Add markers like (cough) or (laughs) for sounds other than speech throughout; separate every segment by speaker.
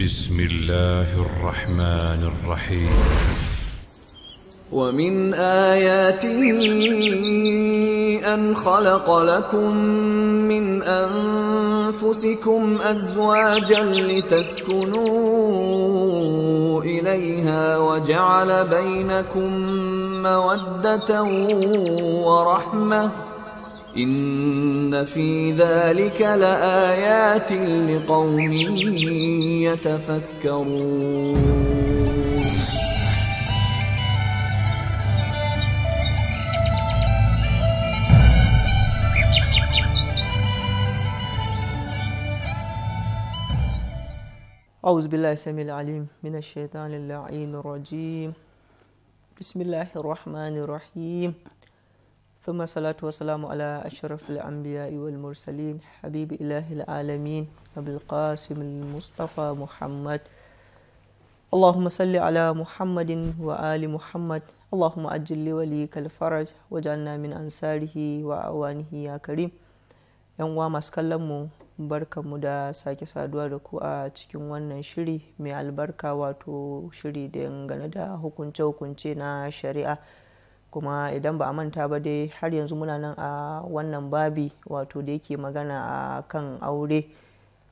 Speaker 1: بسم الله الرحمن الرحيم
Speaker 2: ومن آياته أن خلق لكم من أنفسكم أزواجا لتسكنوا إليها وجعل بينكم مودة ورحمة إن في ذلك لآيات لقوم يتفكرون
Speaker 1: أعوذ بالله السميع العليم من الشيطان اللعين الرجيم بسم الله الرحمن الرحيم ثم الصلاة والسلام على أشرف الأنبياء والمرسلين حبيب إله العالمين أبي القاسم المصطفى محمد اللهم صل على محمد وآل محمد اللهم أجل لوليك الفرج وجعلنا من أنصاره وأوانه يا كريم yan uwa masu kallon mu barkanmu da sake saduwa da ku a cikin wannan shiri mai albarka wato shiri dangane da hukunce-hukunce na shari'a kuma idan ba a manta ba dai har yanzu muna nan a wannan babi wato da yake magana a kan aure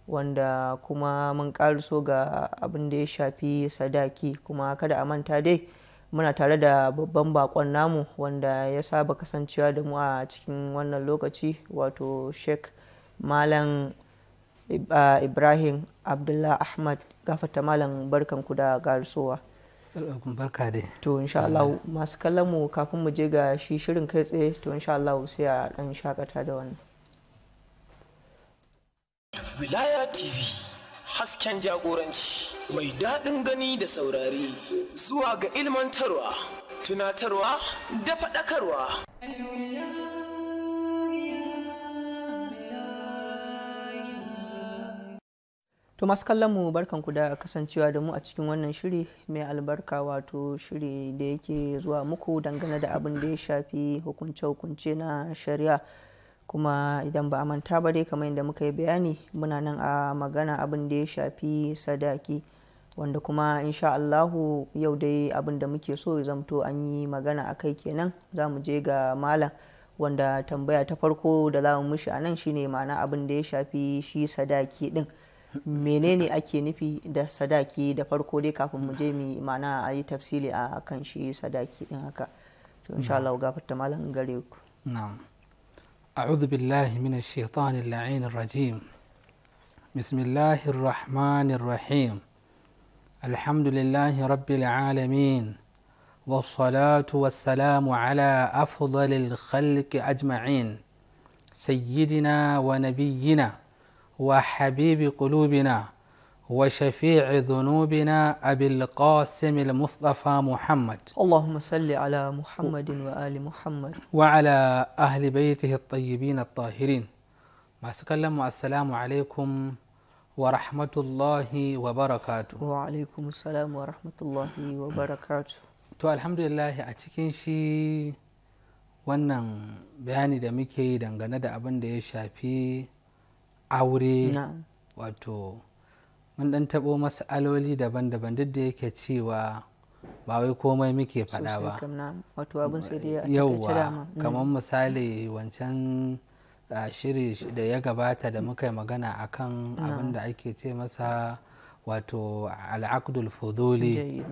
Speaker 1: wanda kuma mun so ga abin da ya shafi sadaki kuma kada a manta dai muna tare da babban bakon namu wanda ya saba kasancewa da mu a cikin wannan lokaci wato sheik malam ibrahim abdullah ahmad gafata malam barkanku da garisowa.
Speaker 3: barka dai to insha Allah
Speaker 1: masu kallon mu kafin mu je ga shi shirin kai tsaye to insha Allah sai a dan shakata da wannan
Speaker 2: Wilaya TV hasken jagoranci mai daɗin gani da saurari zuwa ga ilmantarwa tunatarwa da faɗakarwa
Speaker 1: To masu kallon mu barkanku da kasancewa da mu a cikin wannan shiri mai albarka wato shiri da yake zuwa muku dangane da abin da ya shafi hukunce-hukunce na shari'a. Kuma idan ba a manta ba dai kamar yadda muka yi bayani muna nan a magana abin da ya shafi sadaki wanda kuma insha Allahu yau dai abin da muke so ya zamto an yi magana a kai kenan za mu je ga malam wanda tambaya ta farko da za mu mishi a nan shine ma'ana abin da ya shafi shi sadaki din. menene ake nufi da sadaki da farko dai kafin mu je mu ma'ana a yi tafsili a kan shi sadaki din haka to insha Allah gafarta malam gare ku
Speaker 3: na'am a'udhu billahi minash shaitanir la'inir rajim bismillahir rahmanir rahim alhamdulillahi rabbil alamin والصلاة والسلام على أفضل الخلق أجمعين سيدنا ونبينا وحبيب قلوبنا وشفيع ذنوبنا أبي القاسم المصطفى محمد
Speaker 1: اللهم صل على محمد وآل محمد
Speaker 3: وعلى أهل بيته الطيبين الطاهرين ما سكلم السلام عليكم ورحمة الله وبركاته
Speaker 1: وعليكم
Speaker 3: السلام ورحمة الله وبركاته to alhamdulillah a cikin shi wannan bayani da muke dangane da abin da ya shafi aure wato mun dan taɓo mas'aloli daban-daban duk da yake cewa ba wai komai muke faɗa ba
Speaker 1: yauwa mm. kamar
Speaker 3: misali wancan shiri da ya gabata da muka yi magana akan abin da ake ce masa wato al'akdul fuduli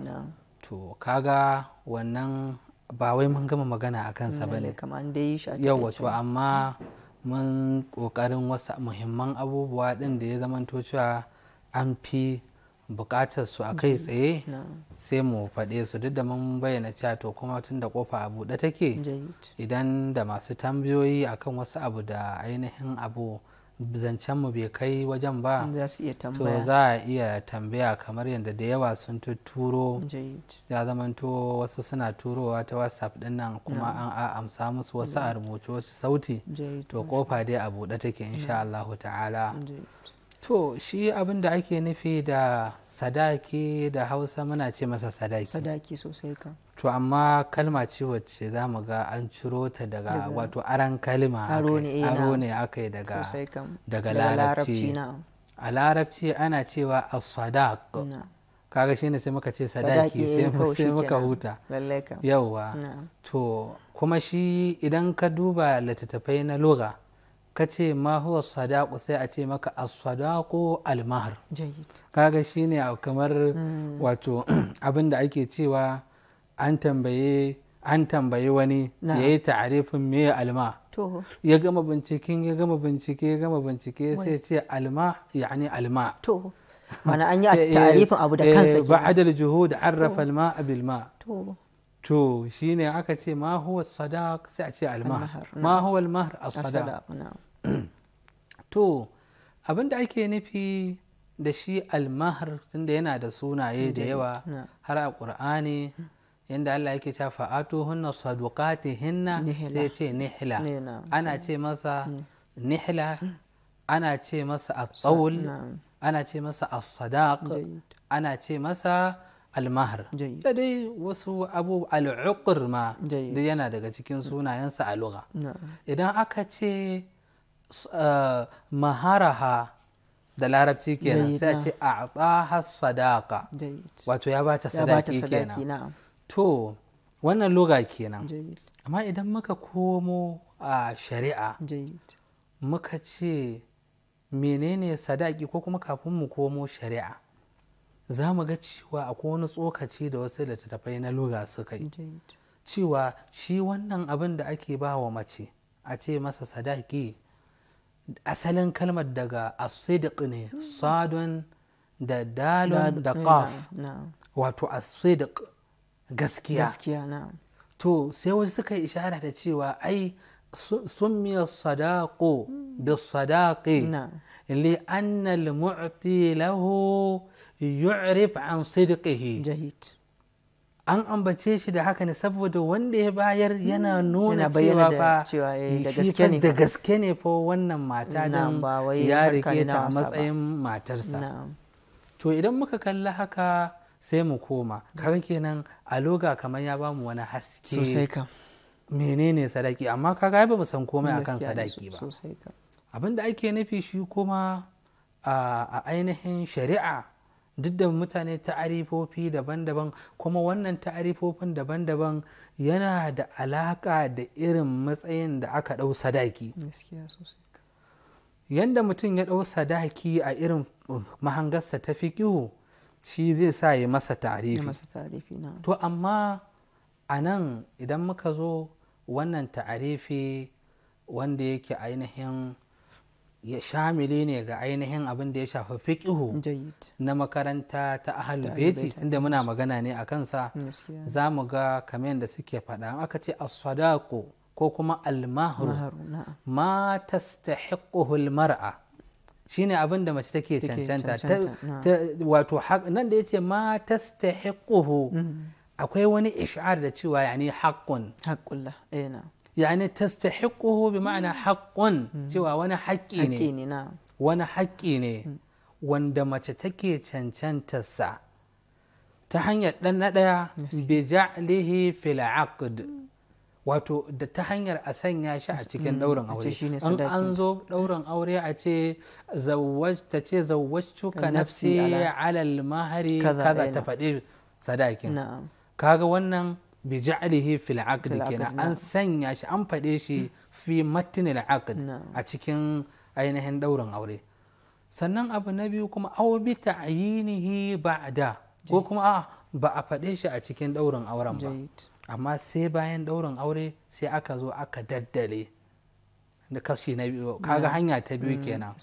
Speaker 3: to kaga wannan ba wai mun gama magana a kansa mm, ba
Speaker 1: ne yauwa to
Speaker 3: amma mun kokarin wasu muhimman abubuwa ɗin da ya zamanto cewa an fi buƙatar su a kai mhm. tsaye sai mu faɗe su duk da mun bayyana cewa to kuma tun da kofa a buɗe take idan da masu tambayoyi akan wasu abu da ainihin abu zancen mu bai kai wajen ba to za a iya tambaya kamar yadda da yawa sun tuturo ya zamanto wasu suna turowa ta whatsapp din nan kuma an amsa musu wasu a rubuce wasu sauti to kofa dai a buɗe take insha Allah ta'ala to shi abin da ake nufi da sadaki da hausa muna ce masa sadaki sadaki sosai ka to amma kalma ce wacce za mu ga an ciro ta daga wato aran kalma aro eh, ne aka yi daga larabci a larabci ana cewa as-sadaq kaga shine sai muka ce sadaki eh, sai muka huta yauwa to kuma shi idan ka duba littattafai na lugha ka ce ma huwa sadaku sai a ce maka as-sadaku al-mahr kaga shine kamar mm. wato (clears throat) abin da ake cewa an tambaye an tambaye wani ya yi ta'arifin me alma ya gama binciken ya gama bincike ya gama bincike sai ce alma yani alma mana an yi (laughs) eh, ta'arifin abu da eh, kansa ba adal juhud arrafa alma bil ma to shi ne aka ce ma huwa sadaq sai a ce almahar ma huwa almahar as-sadaq (clears throat) to abinda ake nufi da shi almahar tunda yana da sunaye da yawa har a qur'ani yanda Allah yake cewa fa'atu hunna saduqati hinna sai ce nihla ana ce masa nihla ana ce masa at ana ce masa as-sadaq ana ce masa almahar da dai wasu abu al'ukur ma da yana daga cikin sunayensa a lugha idan aka ce uh, maharaha da larabci kenan sai a ce a tsaha sadaka wato ya bata sadaki kenan to wannan loga kenan amma idan muka komo a shari'a muka ce menene sadaki ko kuma kafin mu komo shari'a za mu ga cewa akwai wani tsokaci da wasu littattafai na lura suka yi cewa shi wannan abin da ake ba wa mace a ce masa sadaki asalin kalmar daga asidik ne hmm. sadon da dalon da eh, qaf wato asidik gaskiya to sai wasu suka yi ishara da cewa ai sun miya سمي da sadaki. لأن المعطي lahu. yu'rib an sidqihi jahid an ambace shi da haka ne saboda wanda ya bayar hmm. yana nuna cewa ba eh, da gaske ne fa wannan mata dan ya rike ta matsayin matarsa to idan muka kalli haka sai mu koma kaga kenan a loga kamar ya bamu wani haske sosai kam menene sadaki amma kaga ba mu san komai akan sadaki ba abinda ake nufi shi kuma a ainihin shari'a duk da mutane ta'arifofi daban-daban kuma wannan ta'arifofin daban-daban yana da alaka da irin matsayin da aka ɗau sadaki yadda mutum ya ɗau sadaki a irin mahangarsa ta fiƙihu shi zai sa ya masa ta'arifi to amma a nan idan muka zo wannan ta'arifi wanda yake ainihin ya shamili ne ga ainihin abin da ya shafi fiƙihu na makaranta ta ahalul beti tunda muna magana ne a kansa za mu ga kamar da suke faɗa aka ce a ko kuma almahru ma tastahiquhu mara shine abin da mace take cancanta wato nan da ya ce ma tastahiquhu mm. akwai wani ish'ar da cewa yani haqqun haqqullah eh, yani tastahiquhu bi ma'ana haqqun cewa wani haƙƙi ne wani haƙƙi ne wanda mace take cancantasa. ta hanyar ɗan na ɗaya bi ja'lihi fil aqd wato da ta hanyar a sanya shi a cikin ɗaurin aure an zo ɗaurin aure a ce ta ce ka nafsi alal mahari kaza ta faɗi sadakin kaga wannan bi ja'alihi fil aqd kenan an sanya shi an faɗe shi fi al aqd a cikin ainihin ɗaurin aure sannan abu na biyu kuma aw bi ta'yinihi ba'da ko kuma a ba a faɗe shi a cikin ɗaurin auren ba amma sai bayan ɗaurin aure sai aka zo aka daddare. da kashi na biyu kaga hanya ta biyu kenan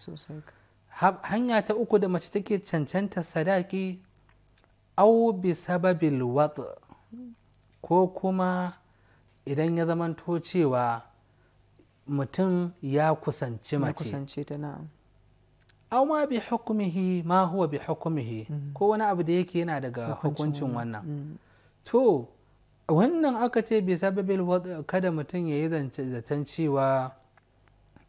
Speaker 3: hanya ta uku da mace take cancanta sadaki au bi sababil wat' ko kuma idan ya zamanto cewa mutum ya kusanci mace aw ma bi hukumihi ma huwa bi hukumihi mm. ko wani abu da yake yana daga hukuncin wannan mm. to wannan aka ce bi sababil kada mutum ya yi zaton cewa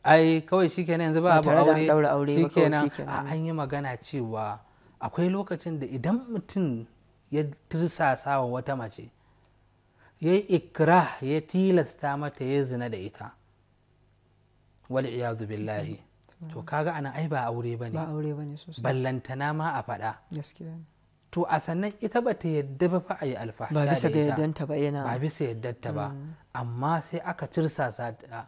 Speaker 3: ai kawai shikenan yanzu ba abu aure shikenan a an yi magana cewa akwai lokacin da idan mutum ya tirsasa wa wata mace ya yi ikira ya tilasta mata ya zina da ita wal iyadu billahi to kaga ana ai ba aure bane ba aure bane sosai ballantana ma a faɗa gaskiya to a sannan ita ba ta yadda ba fa a yi ba bisa ga yaddanta ba yana ba bisa ba mm. amma sai aka cirsasa ta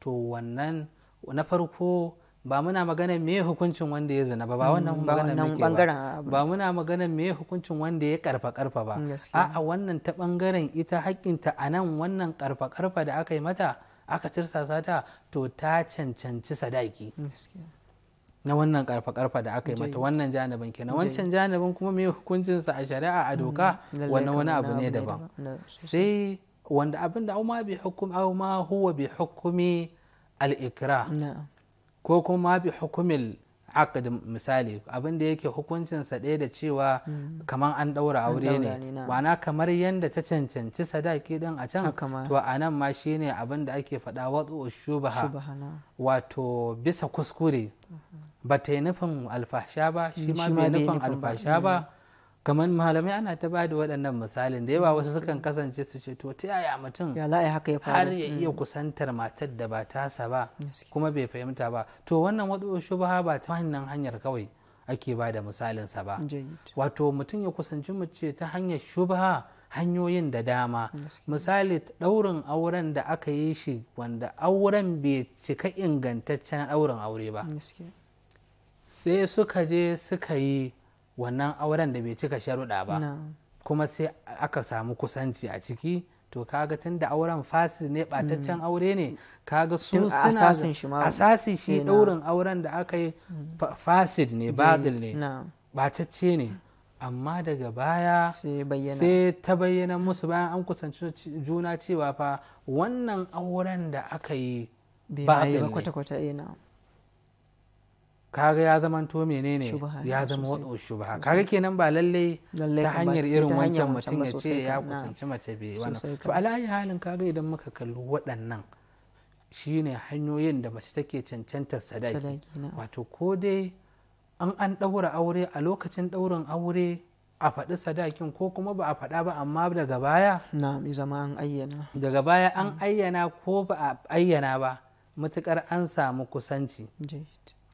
Speaker 3: to wannan na farko ba muna magana me hukuncin wanda ya zina ba ba wannan mm, magana muke ah, ba ba muna magana me hukuncin wanda ya karfa karfa ba a'a wannan ta bangaren ita hakinta a nan wannan karfa karfa da aka yi mata aka tirsasa ta to ta cancanci sadaki na wannan karfa karfa da aka yi mata wannan janibin kenan wancan janibin kuma me hukuncinsa a shari'a a doka mm-hmm. wannan wani abu ne daban sai wanda abin da auma bi hukum auma huwa bi hukumi al-ikra ko kuma bi hukumil aqd misali abin da yake hukuncin sa ɗaya da cewa mm. kamar an ɗaura aure ne wana kamar yadda ta cancanci sadaki din a can to a nan ma shine abin da ake faɗa wato shubaha wato bisa kuskure ba ta yi nufin alfasha ba shi mm, ma bai nufin alfasha ba mm. kamar malamai ana ta ba da waɗannan misalin da yawa wasu sukan kasance su ce to ta yaya mutum har ya iya mm. kusantar matar da ba tasa ba kuma bai fahimta ba to wannan waɗo shubha ba ta wannan hanyar kawai ake ba da misalinsa ba wato mutum ya kusanci mace ta hanyar shubha hanyoyin da dama misali ɗaurin auren da aka yi shi wanda auren bai cika ingantaccen ɗaurin aure ba sai suka je suka yi wannan auren da bai cika sharuɗa ba kuma sai aka samu kusanci a ciki to kaga tun da auren fasil ne bataccen mm. aure ne kaga su suna asasi shi ɗaurin auren da aka yi mm. fasil ne badil ne batacce ne amma daga baya sai ta bayyana musu bayan an kusanci juna cewa fa wannan auren da aka yi kwata-kwata eh, ne kaga ya zama to menene ya zama ba kaga kenan ba lalle ta hanyar irin wancan mutum ya ce ya kusanci mace bai wani to alayi halin kaga idan muka kalli waɗannan shine hanyoyin da mace take cancanta sadaki wato ko dai an an daura aure a lokacin daurin aure a faɗi sadakin ko kuma ba a faɗa ba amma daga baya na zama an ayyana daga baya an mm. ayyana ko ba a ayyana ba matukar an samu kusanci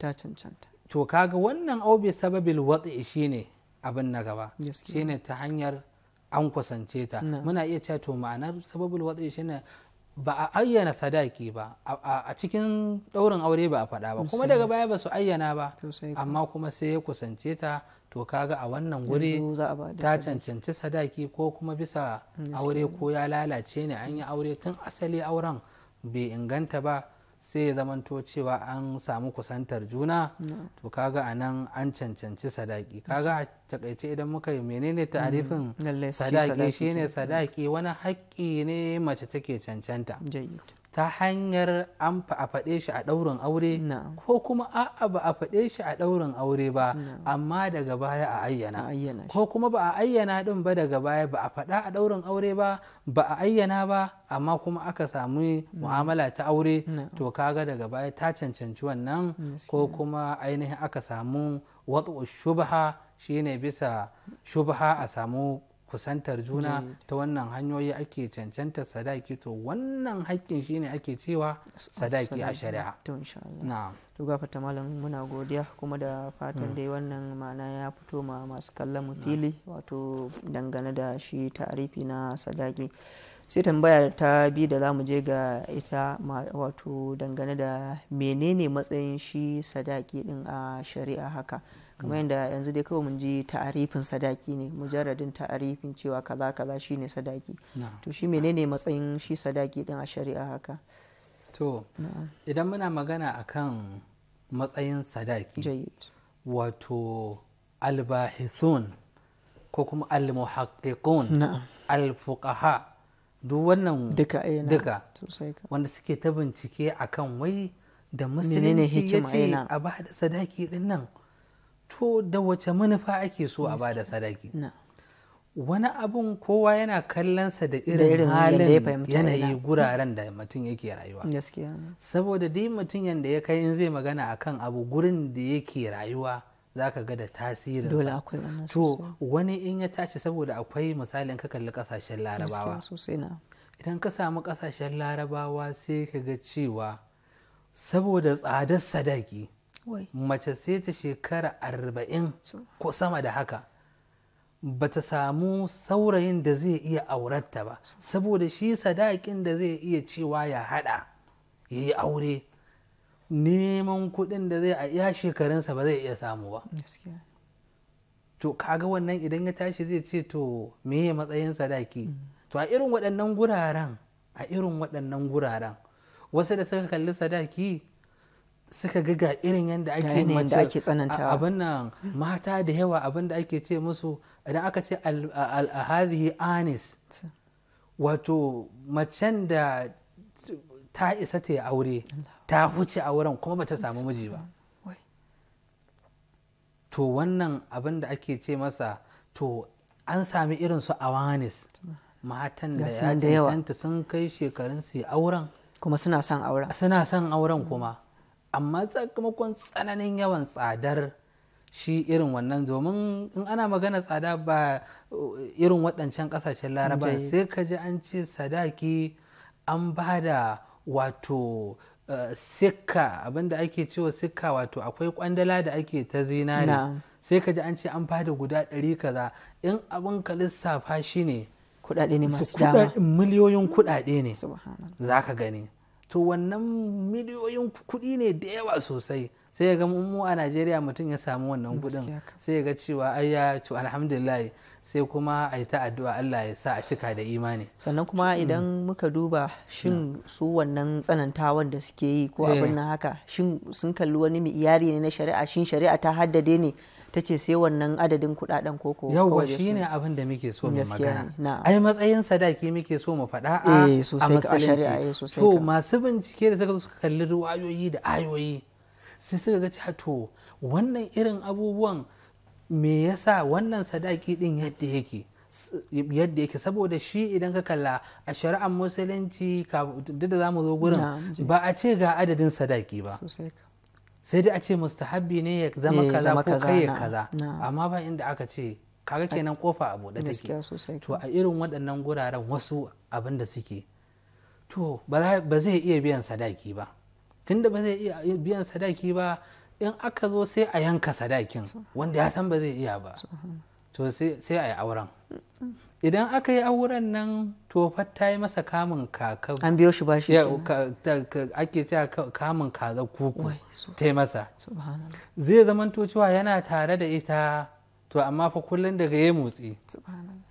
Speaker 3: ta cancanta to kaga wannan aube sababil watsi shine abin na gaba shine ta hanyar an kusance ta muna iya cewa to ma'anar sababul watsi shine ba a ayyana sadaki ba a cikin ɗaurin aure ba a faɗa ba kuma daga baya ba su ayyana ba amma kuma sai ya kusance ta to kaga a wannan wuri ta cancanci sadaki ko kuma bisa aure ko ya lalace ne an yi aure tun asali auren bai inganta ba sai ya zamanto cewa an samu kusantar juna to kaga a nan an cancanci sadaki kaga a takaice idan muka yi menene tarifin mm, sadaki shine sadaki wani haƙƙi ne mace take cancanta ta hanyar an a faɗe shi a ɗaurin aure ko kuma a'a ba a faɗe shi a ɗaurin aure ba amma daga baya a ayyana ko kuma ba a ayyana ɗin ba daga baya ba a faɗa a ɗaurin aure ba ba a ayyana ba amma kuma aka samu mu'amala ta aure to kaga daga baya ta cancanci wannan ko kuma ainihin aka samu watsa shubha shine bisa shubha a samu kusantar juna ta wannan hanyoyi ake cancanta sadaki to wannan haƙƙin shine ake cewa sadaki a shari'a
Speaker 1: to insha Allah malam muna godiya kuma da fatan mm. dai wannan ma'ana ya fito ma masu kallon mu fili wato dangane da shi tarifi na sadaki sai tambaya ta bi da za mu je ga ita wato dangane da menene matsayin shi sadaki din a shari'a haka kamar yadda yanzu dai kawai mun ji ta'arifin sadaki ne mujarradin ta'arifin cewa kaza kaza shine sadaki to shi menene matsayin shi sadaki din a shari'a haka to
Speaker 3: idan muna magana akan matsayin sadaki wato albahithun ko kuma almuhaqqiqun alfuqaha duk wannan duka eh, wanda suke ta bincike akan wai da musulunci ya ce eh, a ba da sadaki din nan to da wace manufa ake so a bada sadaki wani abun kowa yana kallonsa da irin halin yanayi guraren da mutum yake rayuwa saboda dai mutum yadda ya kai in zai magana akan abu gurin da yake rayuwa za ka ga da tasirin to wani in ya tashi saboda akwai misalin ka kalli kasashen larabawa idan ka samu kasashen larabawa sai ka ga cewa saboda tsadar sadaki mace sai ta shekara arba'in ko sama da haka ba ta samu saurayin da zai iya auratta ba saboda shi sadakin da zai iya cewa ya hada ya yi aure neman kuɗin da zai a iya shekarunsa ba zai iya samu ba to kaga wannan idan ya tashi zai ce to meye matsayin sadaki mm. to a irin waɗannan guraren a irin waɗannan guraren wasu da suka kalli sadaki suka ga irin yadda ake mace abin nan mata da yawa abin da ake ce musu idan aka ce al'ahadihi anis wato macen da ta isa ta yi aure ta huce auren kuma bata samu miji ba to wannan abin da ake ce masa to an sami irin su awanis matan da ya cancanta sun kai shekarun su auren kuma suna son auren suna son auren kuma amma sakamakon tsananin yawan tsadar shi irin wannan domin in ana magana tsada ba uh, irin waɗancan ƙasashen laraba sai ka ji an ce sadaki an ba da wato uh, sikka abinda ake cewa sikka wato akwai kwandala da ake ta zinari sai ka ji an ce an ba da guda ɗari kaza in abin ka lissafa shi ne kuɗaɗe ne masu dama miliyoyin kuɗaɗe ne za ka gani to wannan miliyoyin kuɗi ne da yawa sosai sai ya ga mu a najeriya mutum ya samu wannan kuɗin sai ya ga cewa ai ya to alhamdulillah sai kuma a yi ta addu'a Allah ya sa a cika da imani sannan kuma mm. idan muka duba shin mm. su wannan tsanantawan da suke yi ko abin eh. nan
Speaker 1: haka shin sun kalli wani iyari ne na shari'a shin shari'a ta haddade ne ta ce sai wannan adadin kudaden koko yawwa shi ne
Speaker 3: abin da muke so mu magana ai matsayin sadaki muke so mu faɗa a eh, matsalinci eh, to masu bincike da suka suka kalli ruwayoyi da ayoyi sai suka ga to wannan irin abubuwan me yasa wannan sadaki din yadda yake yadda yake saboda shi idan ka kalla a shari'ar musulunci duk da za mu zo gurin ba a ce ga adadin sadaki ba sai dai a ce mustahabbi ne ya zama eh, kaza ko kai ya kaza amma ba inda aka ce kaga kenan kofa a buɗe take to a irin waɗannan guraren wasu abin da suke to ba zai iya biyan sadaki ba tunda ba zai iya biyan sadaki ba in aka zo sai a yanka sadakin wanda ya san ba zai iya ba hmm. to sai a yi auren idan aka yi auren nan tofar ta yi masa kamun kaka an biyo shi bashi ake cewa kamun kaza kuku ta yi masa zai zamanto cewa yana tare da ita to amma fa kullum daga ya motsi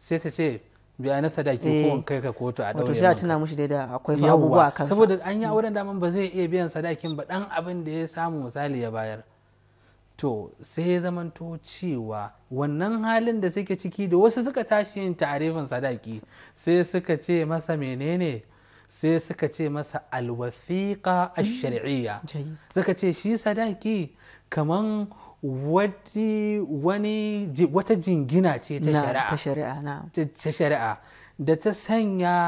Speaker 3: sai ta ce biya na sadaki ko eh. kai ka kotu a daure wato sai a tuna mushi
Speaker 1: daidai akwai abubuwa kansa saboda
Speaker 3: an yi auren daman ba zai iya biyan sadakin ba dan abin da ya samu misali ya bayar to sai ya zamanto cewa wannan halin da suke ciki da wasu suka tashi yin tarifin sadaki sai suka ce masa menene sai suka ce masa alwathiqa ash-shar'iyya mm. suka ce shi sadaki kaman wani wata jingina ce ta shari'a da ta sanya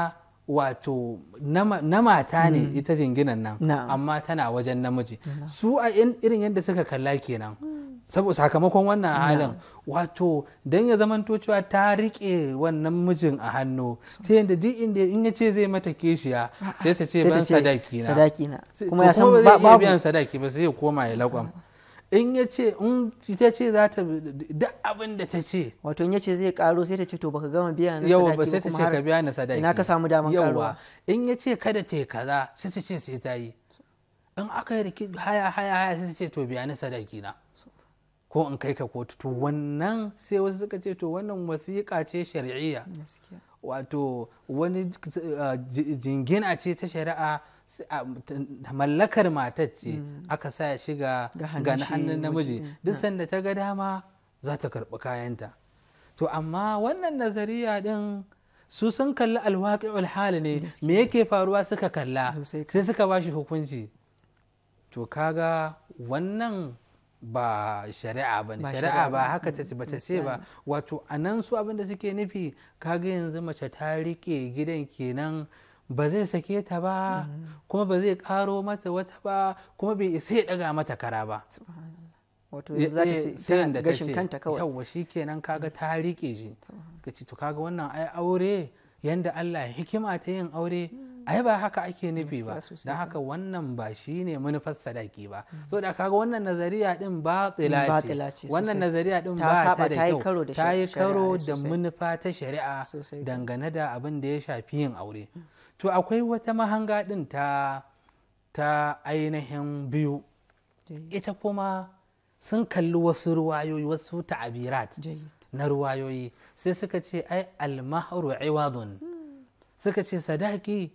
Speaker 3: wato na mata ne mm. ita jinginan nan amma tana wajen namiji su a irin yadda suka kalla kenan mm. saboda sakamakon wannan halin wato don ya zaman cewa ta rike wannan mijin a hannu ta yadda duk inda in ya ce zai mata keshiya sai ta ce ban sadaki na kuma ya san babu biyan sadaki ba sai ya koma ya lagwam in ya ce in ta ce za ta duk abin da ta ce wato
Speaker 1: in ya ce zai karo sai ta ce to baka gama biya na sadaki ba sai ta ce ka biya na sadaki ina ka samu daman karuwa
Speaker 3: in ya ce kada ta kaza sai ta ce sai ta yi in aka yi haya haya haya sai ta ce to biya na sadaki na ko in kai ka kotu to wannan sai wasu suka ce to wannan wasiƙa ce shari'iyya wato wani eh, jingina ce ta shari'a ah, mallakar matar ce mm. aka sa shiga ga hannun namiji mm. duk sanda ta ga dama za ta karɓi kayanta to amma wannan nazariya din su sun kalli alwaƙi'ul hali ne me yake faruwa suka kalla sai suka ba shi hukunci to kaga wannan ba shari'a ba shari'a ba haka ta mm, ba ta ce ba wato a nan su abinda suke nufi kaga yanzu mace ta rike gidan kenan ba zai sake ta ba mm. kuma ba zai karo mata wata ba kuma bai isa ya daga mata kara ba wato za ta eh, eh, gashin kanta kawai yawwa shi kenan kaga ta rike shi to kaga wannan ai aure yanda Allah hikima ta yin aure mm. ai ba haka ake nufi ba don haka wannan ba shi ne manufar sadaki ba so da kaga wannan nazariya din ba tsila wannan nazariya din ba ta da kyau ta yi karo da manufa ta shari'a dangane da abin da ya shafi yin aure to akwai wata mahanga din ta ta ainihin biyu ita kuma sun kalli wasu ruwayoyi wasu ta'abirat na ruwayoyi sai suka ce ai almahru iwadun hmm. suka ce sadaki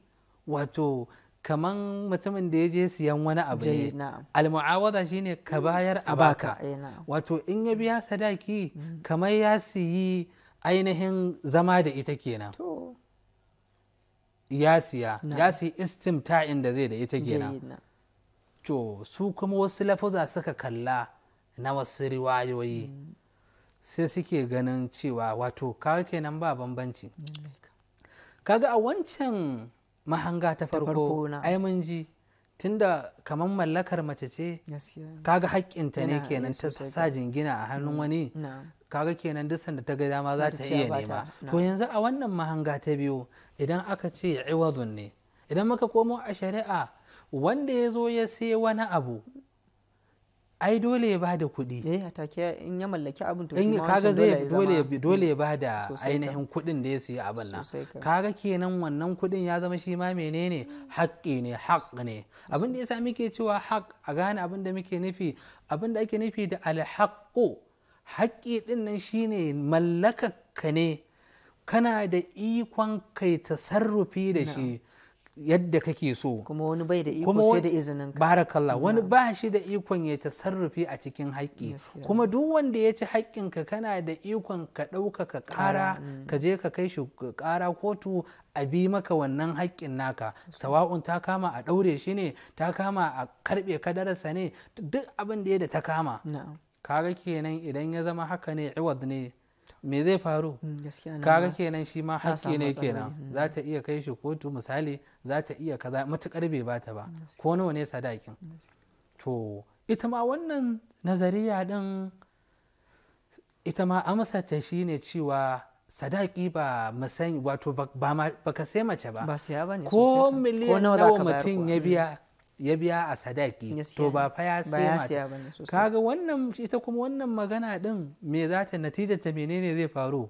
Speaker 3: wato kaman mutumin da ya je siyan wani abu ne almu'awada shine ka bayar a baka eh, wato in ya biya sadaki mm-hmm. kamar ya siyi ainihin zama da ita kenan ya siya ya siyi istimta'in da zai da ita kenan to su kuma wasu lafuza suka kalla na wasu riwayoyi mm. sai suke ganin cewa wato kaga kenan ba bambanci kaga a wancan mahanga ta farko ai mun ji tunda kamar mallakar mace ce kaga haƙƙinta ne kenan ta sa jingina a hannun mm. wani kaga kenan duk sanda ta ga dama za ta iya nema to yanzu a wannan mahanga ta biyu idan aka ce iwadun ne idan muka komo a shari'a wanda ya zo ya sai wani abu ai dole ya bada kuɗi eh take in ya mallaki abin to shi kaga zai dole dole ya mm, bada ainihin kuɗin da ya siya abin nan kaga kenan wannan kuɗin ya zama shi ma menene haƙƙi ne haƙ ne abin da yasa muke cewa haƙ a gane abin da muke nufi abin da ake nufi da alhaqqu haƙƙi din nan shine ka ne kana da ikon kai tasarrufi da shi yadda kake so kuma wani bai da iko sai da izinin ka barakallah wani ba shi da ikon ya tasarrufi a cikin haƙƙi kuma duk wanda ya ci haƙƙin ka kana da ikon ka ɗauka ka ƙara mm. ka je ka kai shi ƙara kotu a bi maka wannan haƙƙin naka sawa'un ta kama a ɗaure shi ne ta kama a karɓe kadararsa ne duk abin da ya da ta kama kaga kenan idan ya zama haka ne iwad ne me zai faru mm, kaga kenan shi ma haƙƙi ne kenan mm. za ta iya kai shi kotu misali za ta iya kaza matuƙar bai bata ba mm, ko nawa ne sadakin to ita ma wannan nazariya din ita ma amsa ta shine cewa sadaki ba masani wato ba ka sai mace ba ko miliyan nawa mutum ya biya ya biya a sadaki to ba fa ya siya kaga wannan ita kuma wannan magana din me za ta ta menene zai faru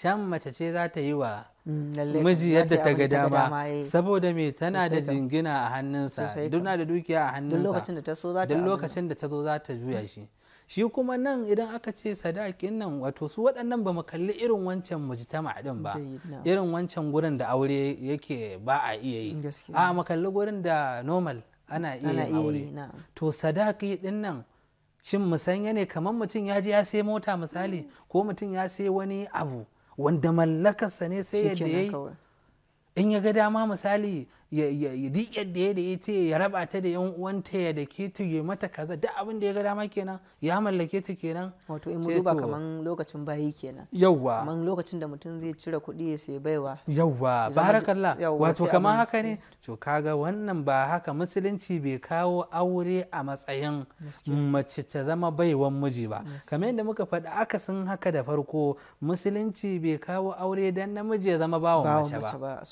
Speaker 3: can mace ce za ta yi wa mm, miji yadda ta ga dama eh. saboda me tana da jingina a hannunsa duk na da dukiya a hannunsa duk lokacin da ta zo za ta juya shi shi kuma nan idan aka ce sadakin nan wato su waɗannan ba mu kalli irin wancan mujtama din ba irin wancan gurin da aure yake ba a iya yi a mu gurin da normal ana iya aure to sadaki din nan shin sanya ne kamar mutum ya je ya sai mota misali mm. ko mutum ya sai wani abu wanda mallakarsa ne sai yadda ya yi in ya ga dama misali ya yadda ya da ya ce ya raba ta da yan uwanta ya da ke ta ya mata kaza duk abin da ya ga dama kenan ya mallake ta kenan wato in duba kaman
Speaker 1: lokacin bayi kenan yawwa kaman lokacin da mutum zai cire kuɗi ya sai baiwa
Speaker 3: yawwa barakallah wato kaman haka ne to kaga wannan ba haka musulunci bai kawo aure a matsayin mace ta zama baiwan miji ba kamar yadda muka faɗi aka akasin haka da farko musulunci bai kawo aure dan namiji ya zama bawan mace ba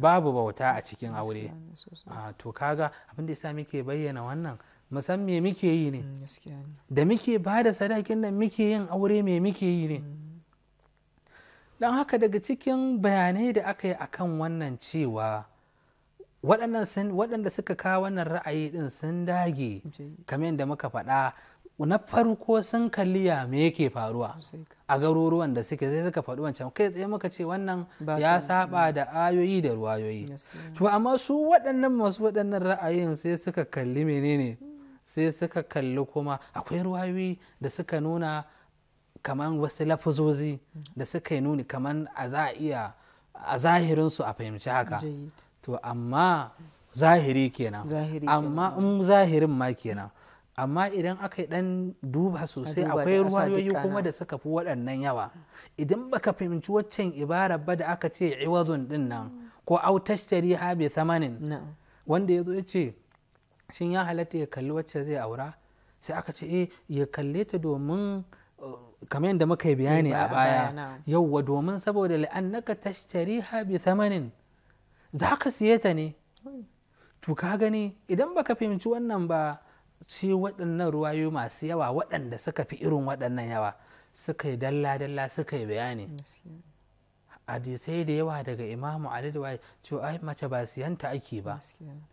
Speaker 3: babu bauta a cikin aure aure a ah, to kaga abin da yasa muke bayyana wannan musan me muke yi mm, ne da muke ba da sadakin nan muke yin aure me muke yi ne mm. don haka daga cikin bayanai da aka yi akan wannan cewa waɗanda suka kawo wannan ra'ayi din sun dage kamar yadda muka faɗa na farko sun kalli ya me yake faruwa a garuruwan da suke sai suka faɗi wancan kai tsaye muka ce wannan ya saba da ayoyi da ruwayoyi to amma su waɗannan masu waɗannan ra'ayin sai suka kalli menene sai suka kalli kuma akwai ruwayoyi da suka nuna kamar wasu lafazozi da suka yi nuni kamar a za a iya a zahirinsu a fahimci haka to amma zahiri kenan amma in zahirin ma kenan amma idan aka yi dan duba sosai akwai ruwayoyi kuma da suka fi waɗannan yawa idan baka fahimci waccan ibara ba da aka ce iwazun din nan ko autashtari ha bi thamanin wanda ya zo ya ce shin ya halatta ya kalli wacce zai aura sai aka ce eh ya kalle ta domin uh, kamar yadda muka yi bayani a baya yauwa domin saboda la'annaka tashtari ha haɓe thamanin za ka siye ta ne to ka gani idan baka fahimci wannan ba sai waɗannan ruwayo masu yawa waɗanda suka fi irin waɗannan yawa suka yi dalla-dalla suka yi bayani hadisai da yawa daga imamu ali da cewa ai mace ba siyanta ake ba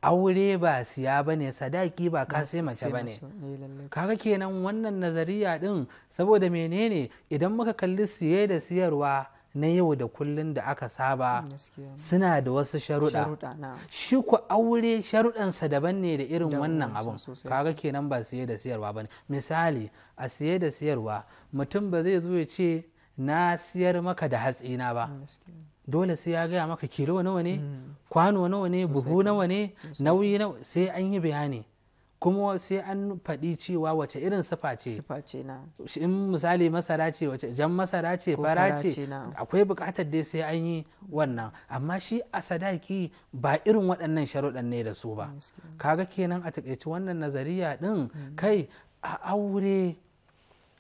Speaker 3: aure ba siya ba ne sadaki ba ka sai mace ba ne eh, kaga kenan wannan nazariya din saboda menene idan muka kalli siye da siyarwa na yau da kullun da aka saba mm, suna da wasu sharuɗa shi ku aure sharuɗansa daban ne da irin wannan abin kaga kenan ba siye da siyarwa ba ne misali a siye da siyarwa mutum ba zai zo ya ce na siyar maka da hatsina ba mm, dole sai ya gaya maka kilo nawa ne mm. kwano nawa ne buhu nawa ne nauyi nawa sai an yi bayani kuma sai an faɗi cewa wace irin sifa ce in misali masara ce wace jan masara ce fara ce akwai buƙatar dai sai an yi wannan amma shi a sadaki ba irin waɗannan sharuɗan ne da su ba kaga kenan a taƙaice wannan nazariya ɗin mm. kai a aure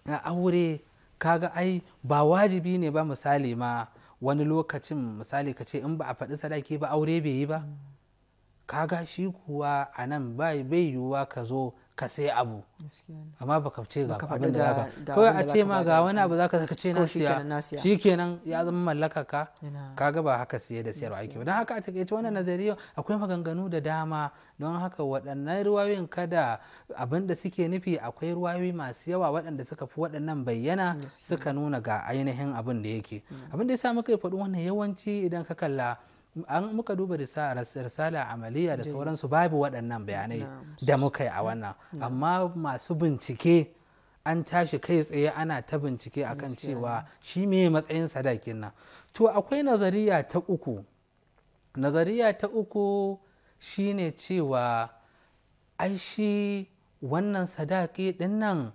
Speaker 3: a aure kaga ai ba wajibi ne ba misali ma wani lokacin misali ka ce in ba a faɗi sadaki ba aure bai yi ba mm. kaga shi kuwa a nan bai yiwuwa ka zo ka sai abu amma baka ce ga abin da zaka kawai a ce ma ga wani abu zaka ka ce na siya kenan ya zama mallaka ka kaga ba haka siye da siyarwa ake don haka a takaice wannan nazariya akwai maganganu da dama don haka waɗannan ruwayoyin kada abin da suke nufi akwai ruwayoyi masu yawa waɗanda suka fi waɗannan bayyana suka nuna ga ainihin abin da yake mm. abin da ya sa muka faɗi wannan yawanci idan ka kalla an muka duba risala amaliya da sauransu babu waɗannan bayanai da muka yi a wannan amma masu bincike an tashi kai tsaye ana ta bincike akan cewa shi me matsayin sadakin nan to akwai nazariya ta uku nazariya ta uku shine cewa ai shi wannan sadaki dinnan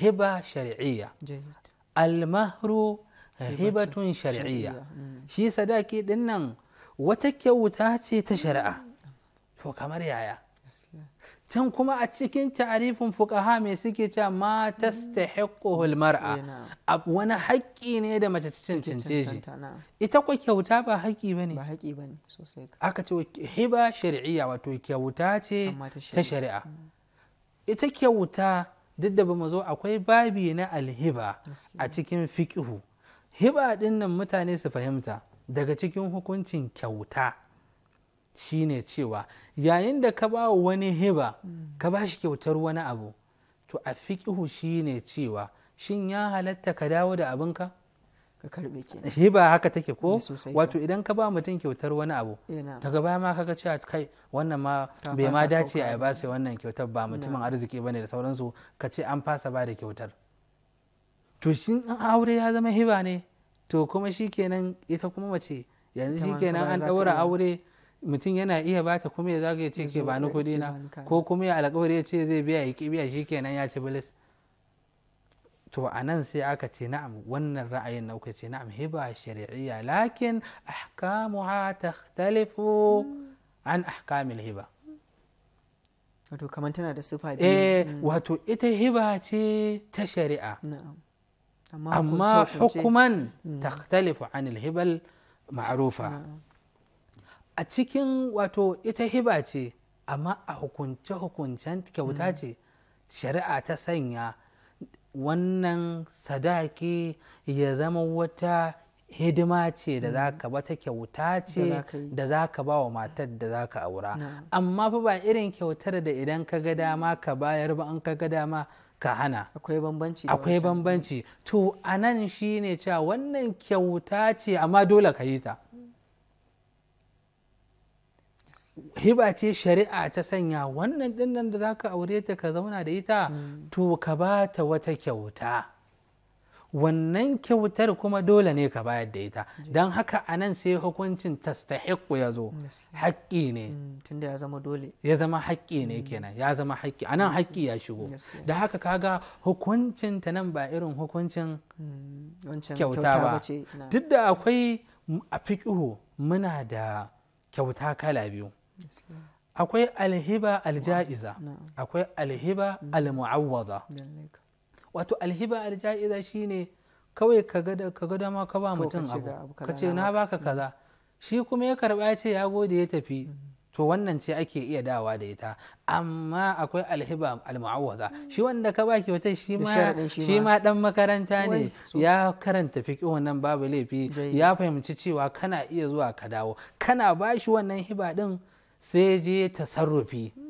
Speaker 3: hiba shari'iyya almahru hibatun shari'iyya mm. shi sadaki dinnan wata kyauta ce ta shari'a to kamar yaya can kuma a cikin tarifin fukaha mai suke cewa ma tastahiqquhu mar'a wani haƙƙi ne da mace ta cancance shi ita kwa kyauta ba haƙƙi bane ba haƙƙi bane sosai aka ce hiba shar'iyya wato kyauta ce ta shari'a mm. ita kyauta duk da bamu zo akwai babi na alhiba a cikin fiqhu hiba nan mutane su fahimta daga cikin hukuncin kyauta shine cewa yayin da ka ba wani hiba ka ba shi kyautar wani abu to a fiƙihu shine cewa shin ya halatta ka dawo da abinka ka ba haka take ko eh, wato idan ka ba mutum kyautar wani abu eh, daga baya ma kaga cewa kai wannan ma bai ma dace a ba sai wannan kyautar ba mutumin arziki bane da sauransu ka ce an fasa ba da kyautar to shin aure ya zama hiba ne to kuma shikenan ita kuma mace yanzu shikenan an ɗaura aure mutum yana iya bata kuma ya zaga ce ke bani kuɗi na ko kuma ya alƙawari ya ce zai biya ya biya shikenan ya ci bilis to a nan sai aka ce na'am wannan ra'ayin na uka ce na'am hiba shari'iyya lakin ahkamuha takhtalifu an ahkamil hiba
Speaker 1: wato kamar tana da sufa biyu eh mm. wato
Speaker 3: ita hiba ce ta shari'a na'am amma hukuman takhtalifu anil hibal ma'rufa a cikin wato ita hiba ce amma a hukunce hukuncen kyauta ce shari'a ta sanya wannan sadaki ya zama wata hidima ce da za ka bata kyauta ce da za ka ba wa matar da za ka aura amma fa ba irin kyautar da idan ka ga dama ka bayar ba an ka ga dama ka hana akwai bambanci akwai bambanci to anan shine cewa wannan kyauta ce amma dole ka yi ta hiba ce shari'a ta sanya wannan dinnan da zaka aure ta ka zauna da ita mm. to ka ba ta wata kyauta wannan kyautar kuma dole ne ka bayar da ita don haka a nan sai hukuncin tastahiqu ya zo haƙƙi ne mm,
Speaker 1: tunda ya zama dole
Speaker 3: ya zama haƙƙi ne mm. kenan ya zama haƙƙi a nan haƙƙi ya shigo da haka kaga hukuncin ta nan ba irin hukuncin mm, kyauta ba duk da akwai a fiƙihu muna da kyauta kala biyu akwai alhiba alja'iza akwai alhiba almu'awwaza wato alhiba alja'iza shine kawai ka ga dama ka ba mutum abu ka ce na baka kaza mm. shi kuma ya karba ya ce ya gode ya tafi to wannan ce ake iya dawa da ita amma akwai alhiba almu'awwaza mm. shi wanda ka baki wata shi ma shi ma dan makaranta ne ya karanta fiqh wannan babu laifi ya fahimci cewa kana iya zuwa ka dawo kana bashi wannan hiba din sai je tasarrufi mm.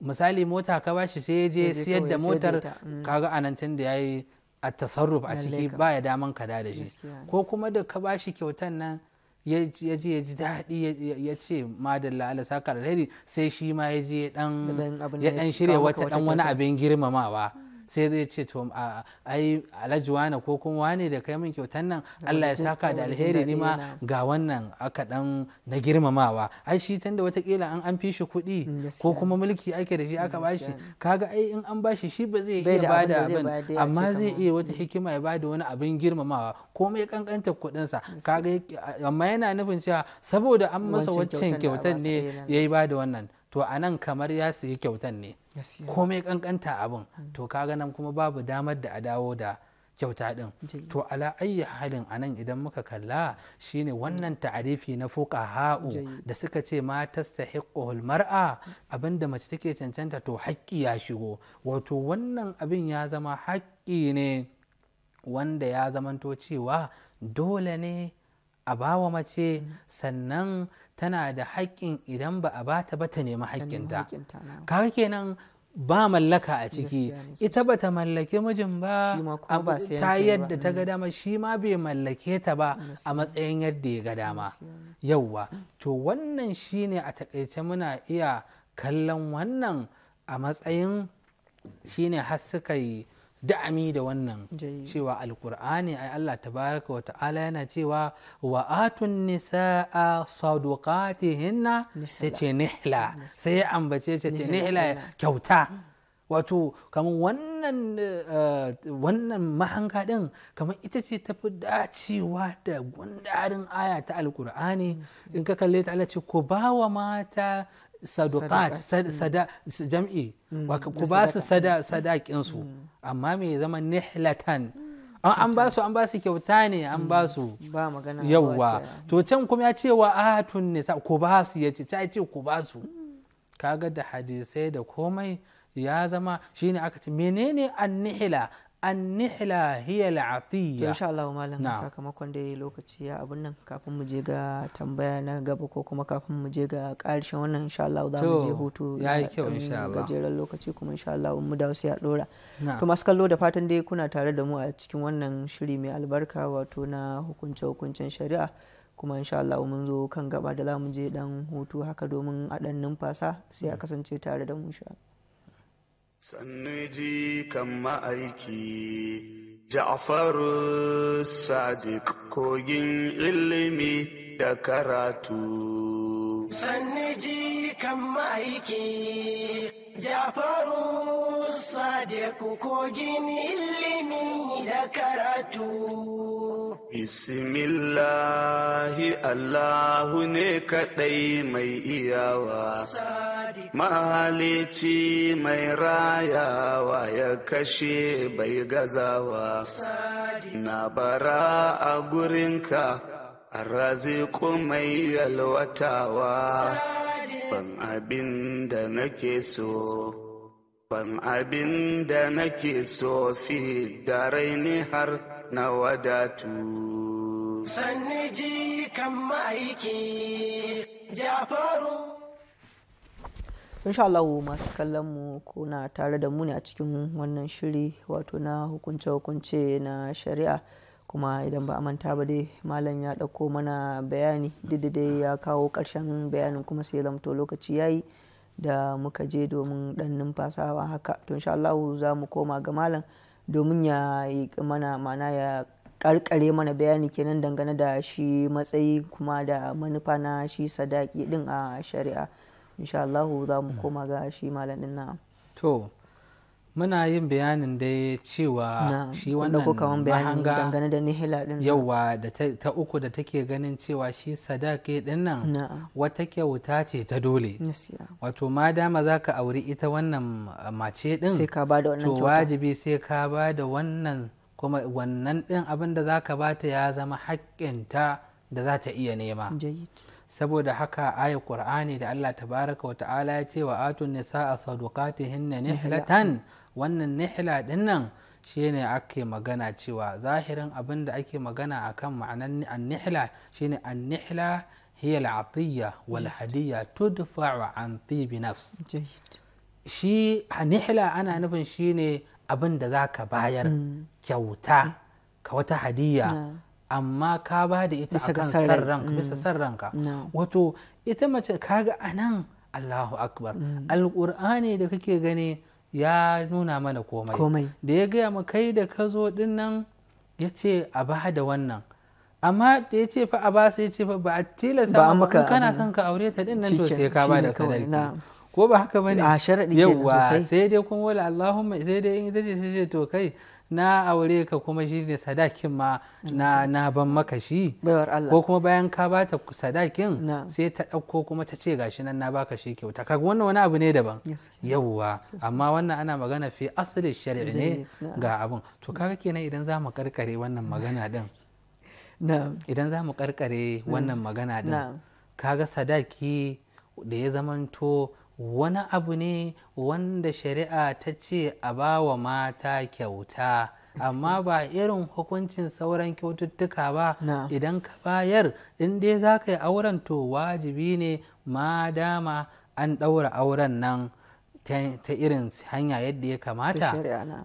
Speaker 3: misali mota ka bashi sai je siyar da motar mm. kaga anancin da ya yi a tasarruf a ciki ba ya daman kada da shi ko kuma da ka bashi kyautan nan ya je ya ji daɗi ya ce madalla ala saka alheri sai shi ma ya je ya dan shirya wata dan wani abin girmamawa sai zai ce to ai alajuwana ko kuma wane da kai min kyautan nan Allah ya saka da alheri ni ma ga wannan aka dan na girmamawa ai shi tunda wata kila an an fi shi kuɗi mm, ko kuma mulki ake da shi aka bashi kaga ai in an bashi shi ba zai iya bada abin amma zai iya wata mm. hikima ya bada wani abin girmamawa komai kankanta kuɗinsa kaga amma yana nufin cewa saboda an masa waccan kyautar ne eh, yayi bada wannan to a nan kamar ya sayi kyautan ne komai kankanta abin mm. to kaga nan kuma babu damar da a dawo da kyauta din to ala ayyi halin a nan idan muka kalla shine wannan ta'arifi na hau da suka ce ma tastahiqul mar'a abinda mace take cancanta to haƙƙi ya shigo wato wannan abin ya zama haƙƙi ne wanda ya zamanto cewa dole ne a bawa mace sannan tana da haƙƙin idan ba a bata ba ta nemi haƙƙinta kaga kenan ba mallaka a ciki ita ba ta mallake mijin ba ta yadda ta ga mm. dama shi ma bai mallake ta ba a matsayin yadda ya ga dama yauwa to wannan shine a takaice muna iya kallon wannan a matsayin shine har suka yi da'ami da wannan cewa alkur'ani ai Allah tabaraka wa ta'ala yana cewa wa atun nisaa hinna sai ce nihla sai ya ambace ce ce nihla kyauta wato kamar wannan eh, wannan mahanga din kamar ita ce ta fi dacewa da gundarin aya ta alkur'ani in ka kalle ta ce ko ba wa mata sadukat hmm. sada jam'i hmm, ku ba su sadakin hmm. su amma me zama nihlatan an ba su an ba su kyauta ne an ba su yawwa to can kuma ya ce wa atun sa ku ba su ya ce ta ce ku ba su kaga da hadisai da komai ya zama shine aka ce menene nihila? annihla hiya al'atiyya insha Allah malam sakamakon
Speaker 1: dai lokaci ya abun nan kafin mu je ga tambaya na gaba ko kuma kafin mu je ga karshen wannan insha Allah za mu je hutu yayi kyau insha Allah gajeren lokaci kuma insha Allah mu dawo sai a dora to masu kallo da fatan dai kuna tare da mu a cikin wannan shiri mai albarka wato na hukunce hukuncen shari'a kuma insha Allah mun zo kan gaba da za mu je dan hutu haka domin a dan numfasa sai a kasance tare da mu insha Allah
Speaker 2: sannu ji kan ma'aiki ja'faru sadiq kogin ilimi da karatu sannu ji kan ma'aiki jafaru sadiq
Speaker 1: kogin ilimi da karatu
Speaker 2: bismillahi allahu ne kadai mai iyawa mahalici mai rayawa ya kashe bai gazawa na bara a gurinka arraziku mai yalwatawa ban abin da nake so ban abin da nake so fi da raini har na wadatu.
Speaker 3: Sanni ji kan ma'aiki, jafaru.
Speaker 1: insha Allahu masu kallon mu kuna tare da mu ne a cikin wannan shiri wato na hukunce-hukunce na shari'a kuma idan ba a manta ba dai malam ya ɗauko mana bayani dai ya kawo ƙarshen bayanin kuma sai zamto lokaci yayi da muka je domin ɗan numfasawa haka to insha Allahu za mu koma ga malam domin ya yi mana mana ya karkare mana bayani kenan dangane da shi matsayi kuma da manufa na shi sadaki din a shari'a insha allahu za mu koma ga shi malam din
Speaker 3: to muna yin bayanin da dai cewa shi wannan mahanga dangane da nihila din yawa da ta uku da take ganin cewa shi sadaki din nan wata kyauta ce ta dole wato ma dama za ka auri ita wannan ah, mace din
Speaker 1: to wajibi
Speaker 3: sai ka ba da wannan kuma wannan din abin da za ka bata ya zama haƙƙinta da za ta iya nema saboda haka ayat qur'ani da Allah tabaraka wa ta'ala ya ce wa atun nisa a hinna nihlatan wannan nihla dinnan shine ake magana cewa zahirin abin da ake magana akan ma'anan annihla shine annihla hiya al'atiyya wal hadiyya tudfa'u an tibi nafs shi nihla ana nufin shine abin da zaka bayar mm. kyauta mm. ka wata hadiyya amma ka ba da ita a kan ranka mm. bisa san ranka wato ita mace kaga anan Allahu akbar mm. alqur'ani da kake gani ya nuna mana komai da ya gaya mu kai da ka zo din nan ya ce a ba da wannan amma da ya ce fa a ba su ya ce fa ba a tilasta ba kana son ka aure ta din nan to sai ka ba da sadaki ko ba haka bane a sai dai kun wala Allahumma sai dai in ita ce sai ce to kai na aure ka kuma shi ne sadakin ma na na ban maka shi ko kuma bayan ka ba ta sadakin sai ta ɗauko kuma ta ce gashi nan na baka shi kyauta kaga wannan wani abu ne daban yawwa amma wannan ana magana fi asirin shari'i ne ga abun to kaga kenan idan za mu karkare wannan magana din (laughs) idan za mu karkare wannan magana din kaga sadaki da ya zamanto wani abu ne wanda shari'a ta ce a ba wa mata kyauta amma ba irin hukuncin sauran kyaututtuka ba idan ka bayar in dai za ka yi auren to wajibi ne ma dama an ɗaura auren nan ta irin hanya yadda ya kamata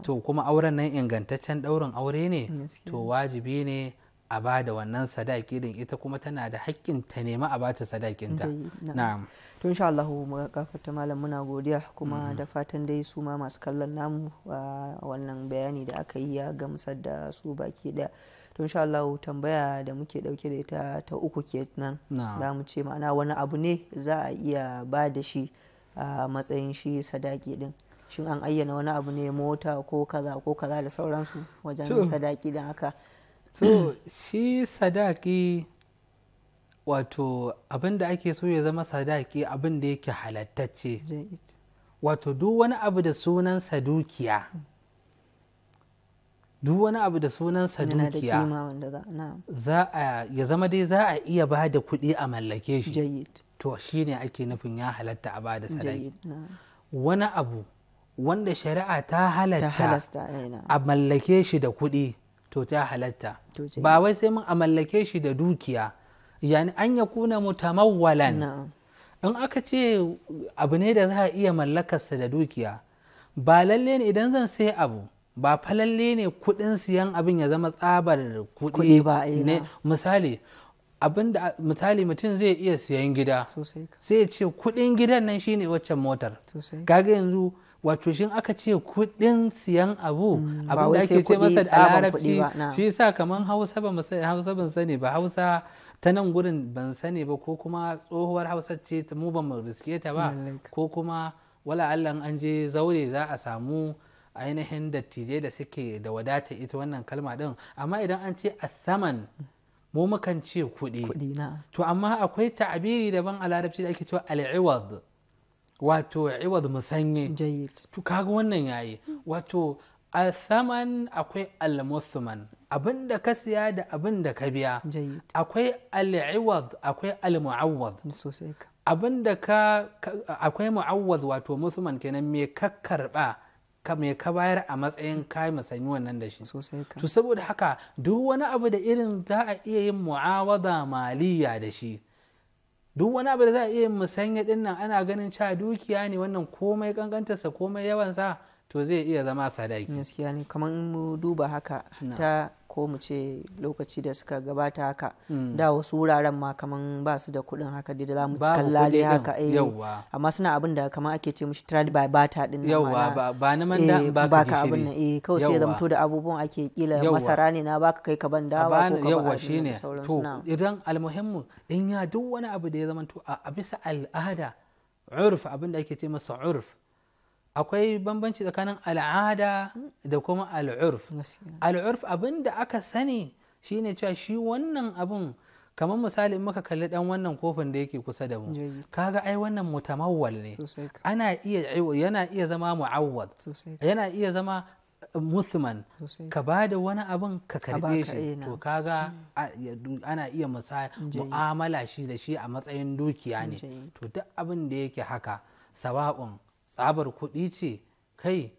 Speaker 3: to kuma auren nan ingantaccen ɗaurin aure ne to wajibi ne a ba da wannan sadaki din ita kuma tana da hakkin ta nema a bata sadakinta na'am to
Speaker 1: insha Allah mu kafarta malam muna godiya kuma mm-hmm. da fatan dai su ma masu kallon namu a wannan bayani da aka yi ya gamsar da su baki ɗaya. Tun insha Allah tambaya da muke dauke da ita ta uku kenan za mu ce ma'ana wani abu ne za a iya ba da shi a matsayin shi sadaki din shin an ayyana wani abu ne mota ko kaza ko kaza da sauransu wajen sadaki din haka
Speaker 3: so shi sadaki wato abin da ake so ya zama sadaki abin da yake halattacce wato duk wani abu da sunan sadukiya duk wani abu da sunan sadukiya za a ya zama dai za a iya ba da kuɗi a mallake shi to shi ne ake nufin ya halatta a ba da sadaki wani abu wanda shari'a ta halatta eh, a mallake shi da kuɗi to ta halatta ba wai sai mun a mallake shi da dukiya yani an ya kuna mutamawwalan in aka ce abu ne da za a iya mallakarsa da dukiya ba lalle ne idan zan sai abu ba falalle ne kudin siyan abin ya zama tsabar kudi ba eh, ne misali abin da misali mutum zai iya siyan gida sai ya ce kudin gidan nan shine waccan motar kaga yanzu wato shin aka ce kuɗin siyan abu mm, abu da ake ce masa da larabci shi sa kamar hausa ba hausa ban sani ba hausa ta nan gurin ban sani ba ko kuma tsohuwar hausa ce ta mu ban riske ta ba ko kuma wala allan an je zaure za a samu ainihin dattijai da suke da wadata ita wannan kalma din amma idan an ce saman mu mukan ce kuɗi to amma akwai ta'abiri daban a larabci da ake cewa al'iwad wato iwad musanye to kaga wannan yayi wato saman akwai almuthman Abinda ka siya da abinda ka biya akwai al'iwad akwai almu'awwad abin ka akwai mu'awwad wato muthman kenan me ka karba ka me ka bayar a matsayin kai musanyi wannan da shi to saboda haka duk wani abu da irin za a iya yin mu'awada maliya da shi duk wani abu da za a iya musanya din nan ana ganin cewa dukiya ne wannan komai kankantarsa komai yawansa to zai iya zama sadaki
Speaker 1: gaskiya ne kamar mu duba haka ta ko mu ce lokaci da suka gabata haka hmm. da wasu wuraren ma kaman ba su da kuɗin haka dai da za mu kalla haka eh. amma suna abin da kaman ake ce mushi trad by bata din nan yawa ba na man da eh, ba ka abin nan eh kawai sai mutu da abubuwan ake kila masara ne na baka kai ka ban dawa ko ka yawa shine to
Speaker 3: idan almuhimmu in ya duk wani abu da ya to a bisa al'ada urf abin da ake ce masa urf akwai bambanci tsakanin al'ada da kuma al'urf al'urf abin da aka sani shine cewa shi wannan abin kamar misali muka kalli dan wannan kofin da yake kusa da mu kaga ai wannan mutamawwal ne ana iya yana iya zama mu'awwad yana iya zama muthman ka ba da wani abin ka karbe shi eh, to kaga ana iya mu'amala shi da shi a matsayin dukiya ne to duk abin da yake haka sawa'un tsabar kuɗi ce kai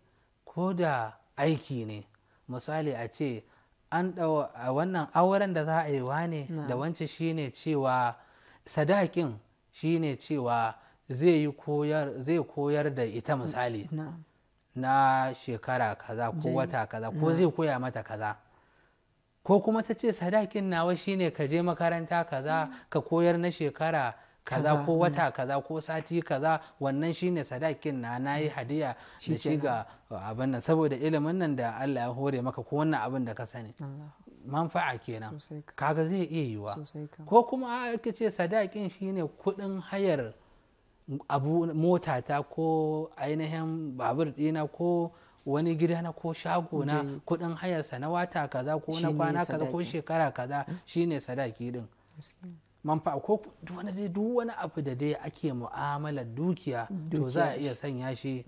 Speaker 3: ko da aiki ne misali a ce an wannan auren da za a yi wane da wance shine cewa sadakin shine cewa zai koyar da ita misali na shekara kaza ko wata kaza ko zai koya mata kaza ko kuma ta ce sadakin nawa shine ka je makaranta kaza mm. ka koyar na shekara kaza ko mm. wata kaza ko sati kaza wannan shine sadakin na na yi hadiya da shi ga uh, abin nan saboda ilimin nan da Allah ya hore maka ko wannan abin da ka sani manfa'a kenan kaga zai iya yiwa ko kuma ake ce sadakin shine kudin hayar abu motata ko ainihin babur dina ko wani gida na ko shago na kudin hayarsa na wata kaza ko na kwana kaza ko shekara kaza mm. shine sadaki din Manfa ko wani abu da dai ake mu'amalar dukiya to za a iya sanya shi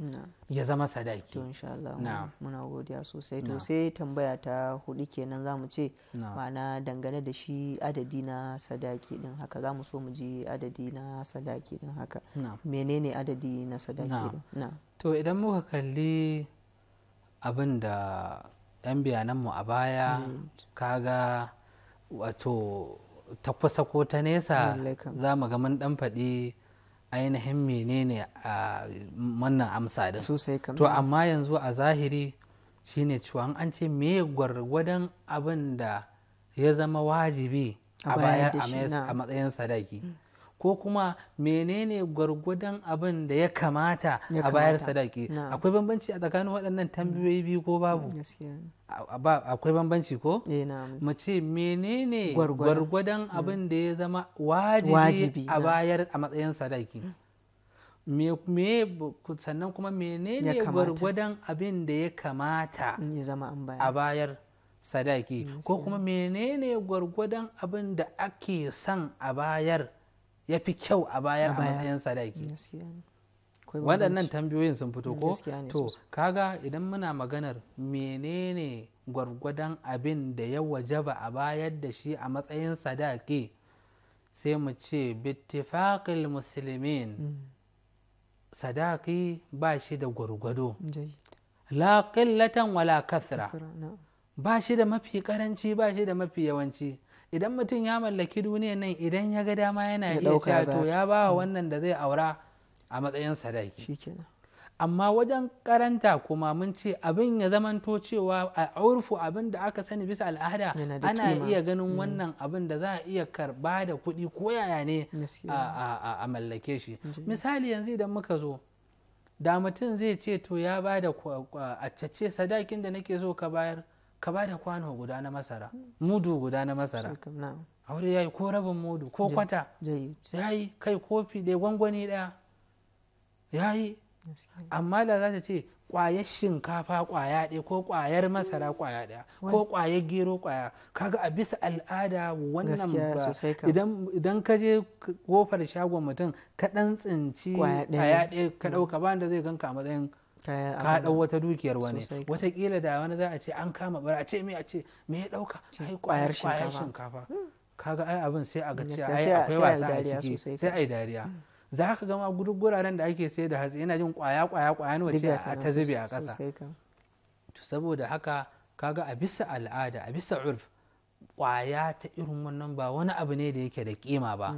Speaker 3: ya zama sadaki to insha Allah muna
Speaker 1: godiya sosai to sai tambaya ta hudu kenan za mu ce ma'ana dangane da shi adadi na sadaki din haka za mu so mu ji adadi na sadaki din haka menene adadi na sadaki
Speaker 3: din to idan muka kalli abin da 'yan mu a baya kaga wato ta kusa ko ta nesa za mu ga mun dan faɗi ainihin menene a wannan amsa din to amma yanzu a zahiri shine cewa an ce me gwargwadon abin da ya zama wajibi a bayar a matsayin sadaki mm. ko kuma menene gwargwadon abin da ya kamata a bayar sadaki akwai bambanci a tsakanin waɗannan tambayoyi biyu ko babu akwai bambanci ko eh, mace menene gwargwadon mm. abin da ya zama wajibi a bayar a matsayin sadaki mm. sannan kuma menene gwargwadon abin da ya kamata a bayar sadaki mm, ko kuma menene gwargwadon abin da ake son a bayar ya fi kyau a bayar a matsayin sadaki waɗannan tambayoyin sun fito ko to kaga idan muna maganar menene gwargwadon abin da ya wajaba a bayar da shi a matsayin sadaki sai mu ce bittifaqil musulmin mm. sadaki ba shi da gwargwado la wala kathra ba shi da mafi karanci ba shi da mafi yawanci idan mutum ya mallaki duniyan nan idan ya ga dama yana iya cewa to ya ba mm. wannan da zai aura a matsayin sadaki amma wajen karanta kuma mun ce abin ya zamanto cewa a urfu abin da aka sani bisa al'ada ana iya ganin mm. wannan abin da za a iya karba da kuɗi ko yaya ne a mallake shi misali yanzu idan muka zo da mutum zai ce to ya ba da accace sadakin da nake so ka bayar ka ba da kwano guda na masara mudu guda na masara aure ya yi ko rabin mudu ko kwata ya yi kai kofi da gwangwani ɗaya ya yi amma da za ta ce kwayar shinkafa kwaya ɗaya ko kwayar masara kwaya ɗaya ko kwayar gero kwaya kaga a bisa al'ada wannan ba idan ka je kofar shagon mutum ka ɗan tsinci kwaya ɗaya ka ɗauka ba da zai ganka a matsayin ka dau wata dukiyar wani watakila da wani za a ce an kama bara a ce me a ce me ya dauka ai kwayar shinkafa kaga hmm. ai abin sai a ga ai akwai wasa a ciki sai ai dariya hmm. za ka gama gudun guraren da ake sayar da hatsi yana jin kwaya kwaya kwaya ne wace a ta zube a ƙasa saboda haka kaga a bisa al'ada a bisa urf kwaya ta irin wannan ba wani abu ne da yake da kima ba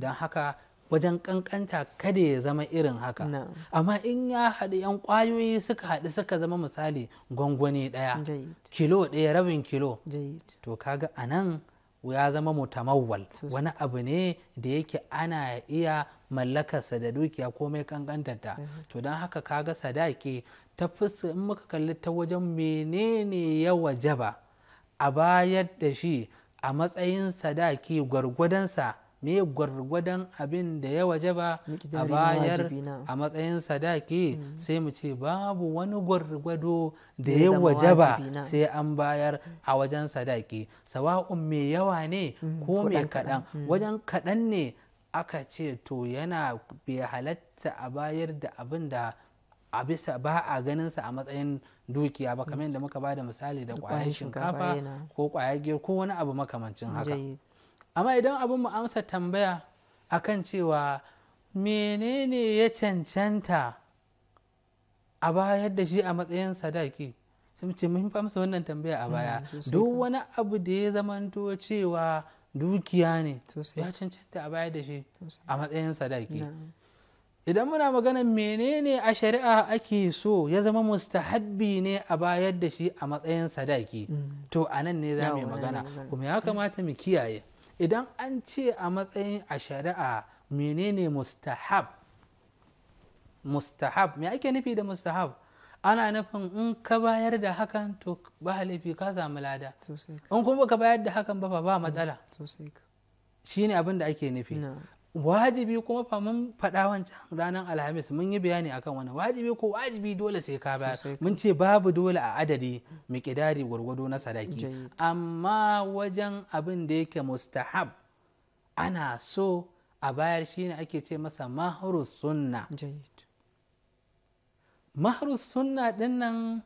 Speaker 3: don haka wajen kankanta kada ya zama irin haka amma in ya haɗu yan ƙwayoyi suka haɗu suka zama misali gwangwani ɗaya kilo ɗaya rabin kilo to kaga a nan ya zama mutamawwal wani abu ne da yake ana iya mallakarsa da dukiya komai ƙanƙantarta. to don haka kaga sadaki ta fuska in muka kalli ta wajen menene ya wajaba a bayar da shi a matsayin sadaki gwargwadonsa me gwargwadon abin da ya waje ba a bayar a matsayin sadaki mm. sai mu ce babu wani gwargwado da ya waje ba sai an bayar a wajen sadaki sawa'un mai yawa ne mm, ko mai kaɗan mm. wajen kaɗan ne aka ce to yana bai halatta a bayar da abin da a bisa ba a ganinsa a matsayin dukiya ba kamar yadda muka ba da misali da kwayar shinkafa ko kwayar gero ko wani abu makamancin haka amma idan abin mu amsa tambaya akan cewa menene ya cancanta a bayar da shi a matsayin sadaki sun ce mun amsa wannan tambaya a baya mm, duk wani abu da ya zamanto cewa dukiya ne ya cancanta a bayar da shi a matsayin sadaki idan muna magana menene a shari'a ake so ya zama mustahabbi ne a bayar da shi a matsayin sadaki mm. to a nan ne za mu magana kuma ya kamata mu kiyaye idan an ce a matsayin a shari'a menene mustahab mustahab me ake nufi da mustahab ana nufin in ka bayar da hakan to ba laifi ka samu lada in kuma ka bayar da hakan ba ba matsala shi ne abin da ake nufi wajibi kuma fa mun faɗa wancan ranar alhamis mun yi bayani akan wani wajibi ko wajibi dole sai ka bayar mun ce babu dole a adadi miƙidari gwargwado na sadaki amma wajen abin da yake mustahab ana so a bayar shine ake ce masa mahru sunna mahru sunna dinnan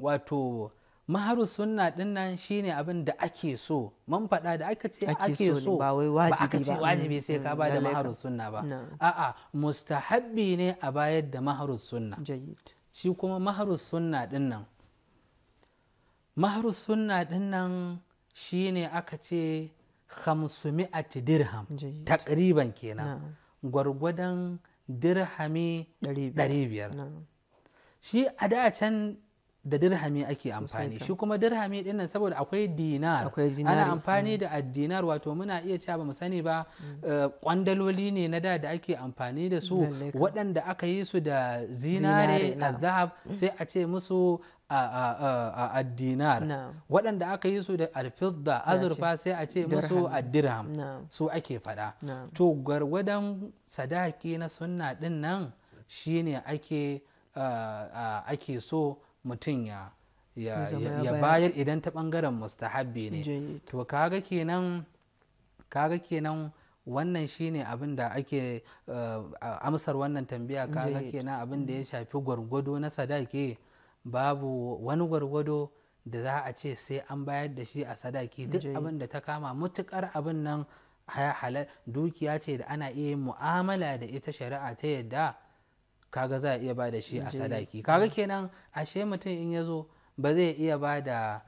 Speaker 3: wato maharu sunna din nan shine abin da ake so man faɗa da aka ce ake so ba wai aka ce wajibi sai mm, ka ba da maharu sunna ba a'a mustahabbi ne a bayar da maharu sunna shi kuma maharu sunna din nan maharu sunna din nan shine aka ce khamsumi'ati dirham takriban kenan gwargwadon dirhami 500 shi a da can da dirhami ake amfani shi kuma dirhami din saboda akwai dinar ana mm. amfani da addinar wato muna iya cewa ba mu sani ba mm. eh, kwandaloli ne na da da ake amfani da su waɗanda aka yi su da zinare azhab mm. sai a ce musu a addinar waɗanda aka yi su da alfidda azurfa sai a ce musu addirham su ake faɗa to gwargwadon sadaki na sunna din nan shine ake eh, ake so mutum ya
Speaker 2: ya bayar
Speaker 3: idan ta bangaren mustahabbi ne to kaga kenan kaga kenan wannan shine abin da ake eh, amsar wannan tambaya kaga kenan abin da ya shafi gwargwado na sadaki babu wani gwargwado da za a ce sai an bayar da shi a sadaki duk abin da ta kama mutukar abin nan dukiya ce da ana iya mu'amala da ita shari'a ta yadda kaga za a iya ba da shi a sadaki kaga kenan ashe mutum in ya zo ba zai iya ba da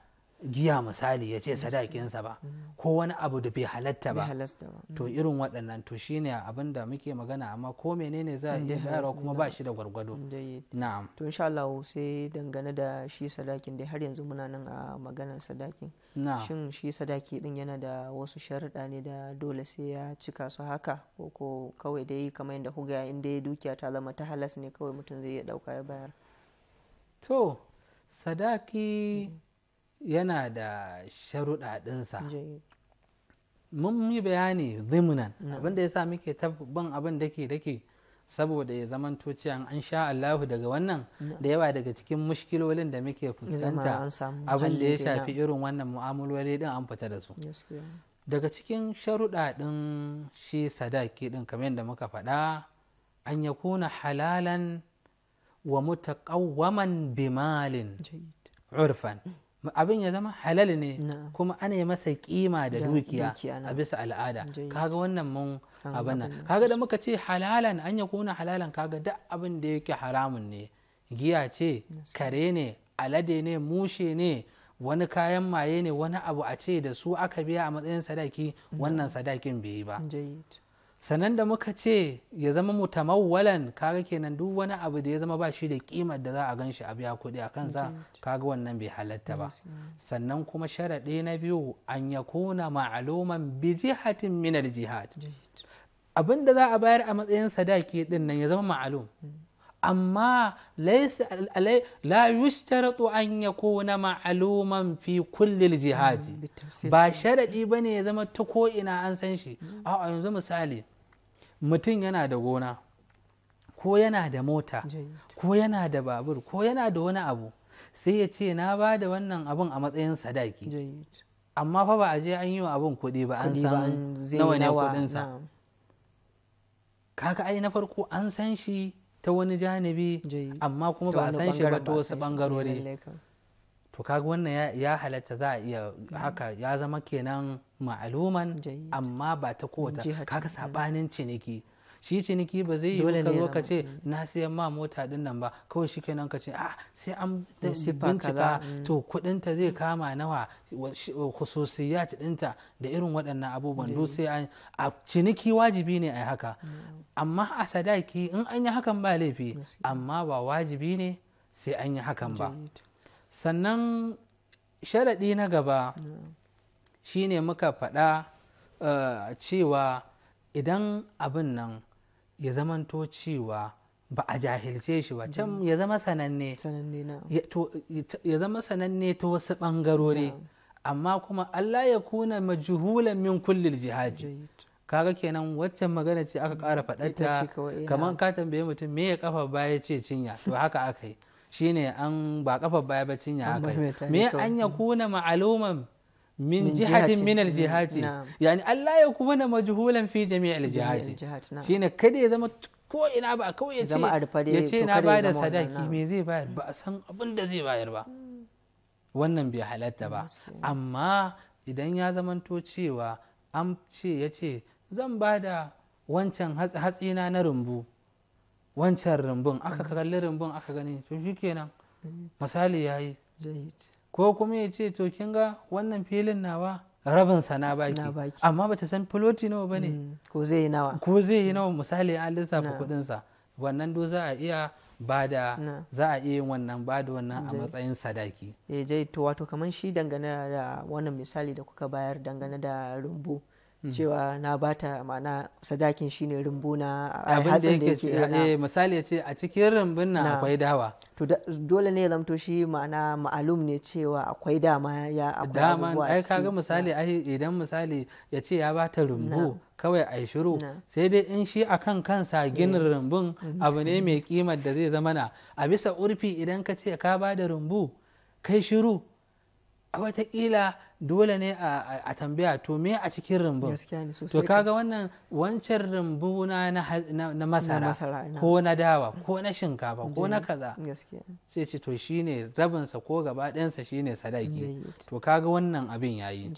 Speaker 3: giya misali ya ce sadakinsa ba ko wani abu da bai halatta ba to irin waɗannan to shine abin da muke magana amma ko menene za a iya bayarwa kuma ba shi da gwargwado na'am
Speaker 1: to insha Allah sai dangane da shi sadakin dai har yanzu muna nan a maganar sadakin shin shi sadaki din yana da wasu sharuɗa ne da dole sai ya cika su haka ko ko kawai dai kamar yadda huga in dai
Speaker 3: dukiya ta zama ta halas ne kawai mutum zai iya ɗauka ya bayar to sadaki yana da sharuɗaɗinsa mun yi bayani zimunan abinda ya sa muke tabban abin da ke dake saboda ya zaman an sha Allahu daga wannan da yawa daga cikin mushkilolin da muke fuskanta abin da ya shafi irin wannan mu'amaloli din an fita da su daga cikin sharuɗaɗin shi sadaki din kamar yadda muka faɗa an ya kuna halalan wa mutaƙawwaman bimalin urfan abin ya zama halal ne kuma ana yi masa kima da dukiya a bisa al'ada kaga wannan mun abin nan kaga da muka ce halalan an ya kuna halalan kaga duk abin da yake haramun ne giya ce kare ne alade ne mushe ne wani kayan maye ne wani abu a ce da su aka biya a matsayin sadaki wannan sadakin bai yi ba sanan da muka ce ya zama mutamawwalan kaga kenan duk wani abu da ya zama ba shi da kimar da za a gan shi a biya kuɗi a kansa kaga wannan bai halatta ba sannan kuma sharaɗe na biyu an ya kuna ma'aluman bi jihatin minar jihad abin da za a bayar a matsayin sadaki din nan ya zama ma'alum hmm. amma la yushtaratu an ya kuna ma'aluman fi kullil jihadi hmm, ba sharaɗi ba ne ya zama ta ko'ina an san shi hmm. a yanzu misali mutum yana da gona ko yana da mota ko yana da babur ko yana da wani abu sai ya ce na ba da wannan abun a matsayin sadaki amma fa ba a je an yi wa abun kuɗi ba an san nawa ne ai na farko an san shi ta wani janibi amma kuma ba a san shi ba ta wasu ɓangarori to kaga wannan ya halatta za a iya haka ya zama kenan ma'aluman amma ba ta kowata kaga sabanin ciniki shi ciniki ba zai yi ka zo ka ce na siyan ma mota din nan ba kawai shi kenan ka ce ah sai an bincika to mm. kudin ta zai kama nawa ta dinta da irin waɗannan abubuwan duk sai an a ciniki wajibi ne a haka mm. amma a sadaki in an yi hakan ba laifi amma ba wajibi ne sai an yi hakan ba sannan sharaɗi na gaba shine muka faɗa eh, cewa idan abin nan ya zamanto cewa ba a jahilce shi ba can ya zama sananne ta wasu ɓangarori amma kuma Allah ya kuna majuhulan min kullil jihadi kaga kenan waccan magana ce aka ƙara faɗarta eh, kamar ka tambaye mutum me ya kafa baya ce cinya to haka aka yi shine an ba kafa baya ba cinya aka me an ya kuna ma'aluman min jihatin min aljihati yani Allah ya kuma na majhulan fi jami' aljihati shine kada ya zama ko ina ba kawai ya ce ya ce na ba da sadaki me zai bayar ba san abin da zai bayar ba wannan bai halatta ba amma idan ya zamanto cewa an ce ya ce zan ba da wancan hatsina na rumbu wancan rumbun aka kalli rumbun aka gani to kenan misali ya yi ko kuma ya ce to kin ga wannan filin nawa rabin sa na baki amma bata san filoti nawa ba ne mm, ko zai yi nawa misali an lissafa kuɗin sa wannan do za a iya ba da za a iya wannan ba da wannan a matsayin sadaki
Speaker 1: eh jai to wato kamar shi dangane da wannan misali da kuka bayar dangane da rumbu Hmm. cewa na bata ma'ana sadakin shine rumbuna a hatsin da yake eh,
Speaker 3: misali ce a cikin rumbun nan akwai dawa
Speaker 1: to dole ne zamto shi ma'ana ma'alum ne cewa akwai dama ya akwai dama ai kaga misali
Speaker 3: ai idan misali ya ce ya bata rumbu kawai a shiru sai dai in shi a kan kansa eh. ginin rumbun mm-hmm. abu ne mai kimar da zai zama na a bisa urfi idan ka ce ka bada rumbu kai shiru A watakila dole ne a tambaya to me a cikin rumbu to kaga wannan wancan rumbu na na masara ko na dawa ko na shinkafa ko na kaza sai ce to shine rabinsa ko gaba ɗansa shine sadaki to kaga wannan abin yayi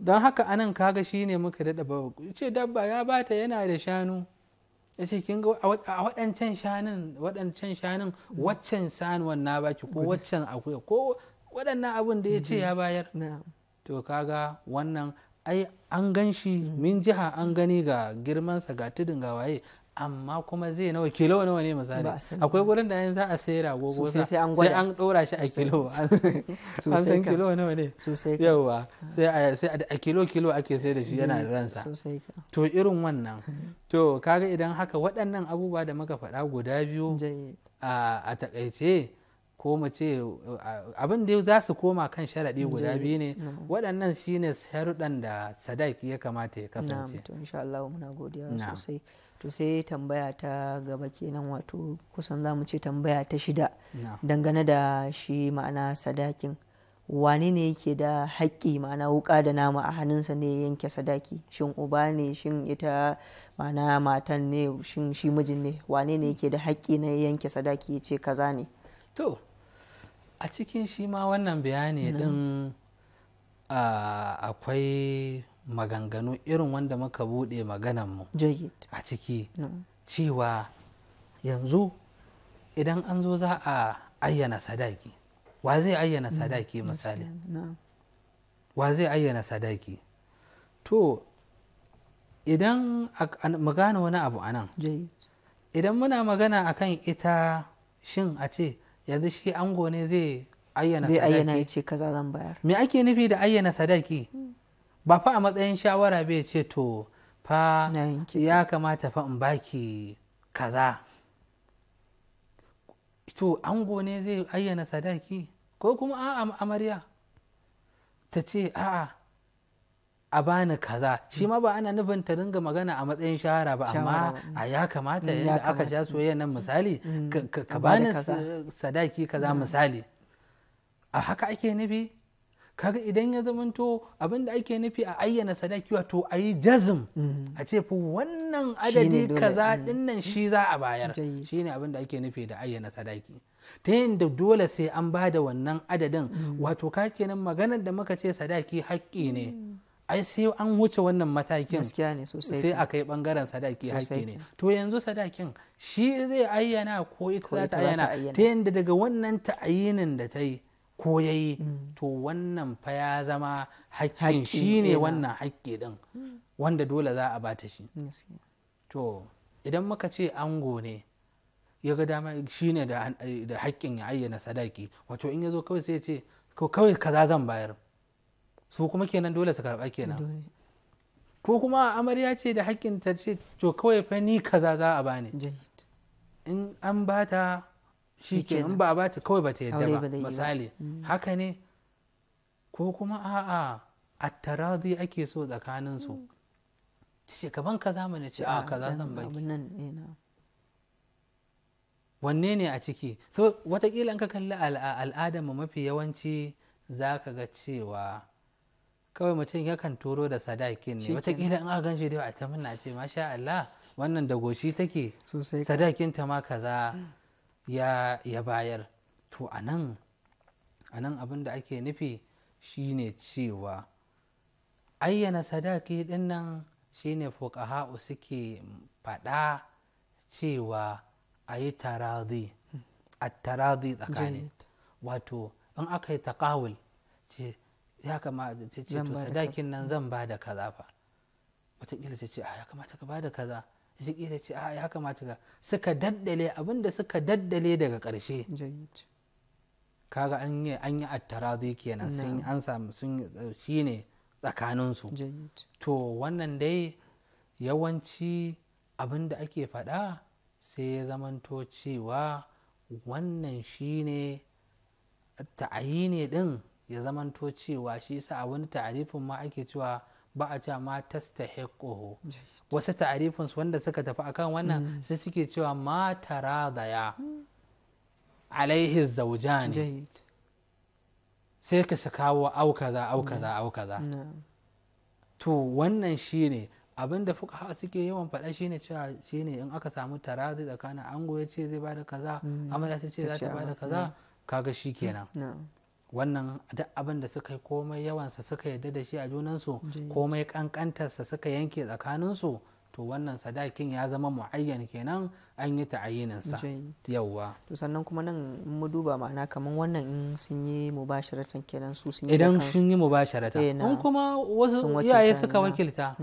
Speaker 3: don haka anan kaga shine muka daɗa ba ce dabba ya bata yana da shanu ya ce kin ga a waɗancan shanun waɗancan shanun mm. waccan sanuwan na baki ko waccan akuya ko waɗannan abin da ya ce ya bayar to kaga wannan ai an gan shi min jiha an gani ga girmansa ga tudun ga waye amma kuma zai nawa kilo nawa ne misali akwai wurin da yanzu za a sayar agogo sai an Sai an dora shi a kilo an san kilo nawa ne yawa sai a kilo kilo ake sayar da shi yana ransa to irin wannan to kaga idan haka waɗannan abubuwa da muka faɗa guda biyu a takaice ko mu ce abin da za su koma kan sharaɗi guda biyu ne waɗannan shine sharuɗan da sadaki ya kamata ya kasance to insha Allah muna godiya sosai to sai tambaya ta
Speaker 1: gaba kenan wato kusan za mu ce tambaya ta shida dangane da shi ma'ana sadakin wani ne yake da haƙƙi ma'ana wuƙa da nama a hannunsa ne yanke sadaki shin uba ne shin ita ma'ana matan ne shin shi mijin ne wane ne yake da haƙƙi na yanke sadaki ya ce kaza ne to
Speaker 3: a cikin shi ma wannan bayani din akwai maganganu irin wanda muka buɗe magananmu a ciki cewa yanzu idan an zo za a ayyana sadaki wa zai ayyana mm, sadaki misali wa zai ayyana sadaki to idan mu gane wani abu anan. idan muna magana akan ita shin a ce yanzu shi ango ne zai ayyana sadaki zai ayyana
Speaker 1: ya ce kaza zan bayar
Speaker 3: me ake nufi da ayyana sadaki ba fa a matsayin shawara bai ce to fa ya kamata fa in baki kaza to ango ne zai ayyana sadaki ko kuma a'a amarya ta ce a'a a bani kaza shi ma ba ana nufin ta ringa magana a matsayin shahara ba amma a ya kamata mm, yadda aka sha soyayya nan misali mm, ka bani sadaki kaza mm. misali a haka ake nufi kaga idan ya zamanto abin da ake nufi a ayyana sadaki wato a yi jazm a ce fi wannan adadi kaza dinnan shi za a bayar shine abin da ake nufi da ayyana sadaki ta yadda dole sai an ba da wannan adadin wato ka kenan maganar da muka ce sadaki haƙƙi ne ai sai an wuce wannan matakin sai a kai bangaren sadaki haƙƙi ne to yanzu sadakin shi zai ayyana ko ita za ta ayyana ta yadda daga wannan ta'ayinin da ta yi ko ya yi mm. to wannan fa ya zama haƙƙin shi ne wannan haƙƙi din wanda dole za a bata shi to idan muka ce ango ne ya ga dama shi ne da haƙƙin ya ayyana sadaki wato in ya zo kawai sai ya ce kawai kaza zan bayar su kuma kenan dole su karba kenan ko kuma amarya ce da hakkin ta ce to kawai fa ni kaza za a bani in an bata shi in ba a bata kawai ba ta yadda ba misali mm. haka ne ko kuma a'a attaradi ake so tsakanin su mm. ce kaban kaza mana ce a kaza zan baki eh, wanne ne a ciki so watakila in ka kalli al'adar mu mafi yawanci za ka ga cewa kawai mutum yakan turo da sadakin ne wataƙila in aka gan shi dai a ta muna ce masha Allah wannan da goshi take sadakin ta ma kaza ya bayar to anan anan abin da ake nufi shine cewa ayyana sadaki din nan shine fuqaha'u suke faɗa cewa a yi taradi a taradi tsakani wato in aka yi ce ya kamata ta ce to sadakin nan zan ba da kaza fa wataƙila ta ce a ya kamata ka ba da kaza zikira ce a ya kamata ka suka daddale abinda suka daddale daga ƙarshe kaga an yi an yi attarazi kenan sun an samu sun shine tsakaninsu to wannan dai yawanci abinda ake faɗa sai ya zamanto cewa wannan shine ne din ya zamanto cewa shi yasa a wani ta'arifin ma ake cewa ba a cewa ma hekoho wasu ta'arifin wanda suka tafi akan wannan mm. sai suke cewa ma taradaya alaihi zaujani sai ka su kawo aukaza aukaza mm. aukaza to wannan shi ne abinda fuka suke yawan faɗa ne cewa ne in aka samu tarazi tsakanin ango ya ce zai bada kaza mm. amma ya ce za ta bada kaza kaga shi kenan wannan duk abin da suka yi komai yawansa suka yadda da shi a junansu komai kankantarsa suka yanke tsakaninsu to wannan sadakin ya zama mu'ayyan kenan an yi ta'ayininsa yawwa
Speaker 1: to sannan kuma nan mu duba ma'ana kamar wannan in sun yi mubasharatan kenan su sun yi idan sun yi mubasharata eh, in kuma wasu iyaye suka wakilta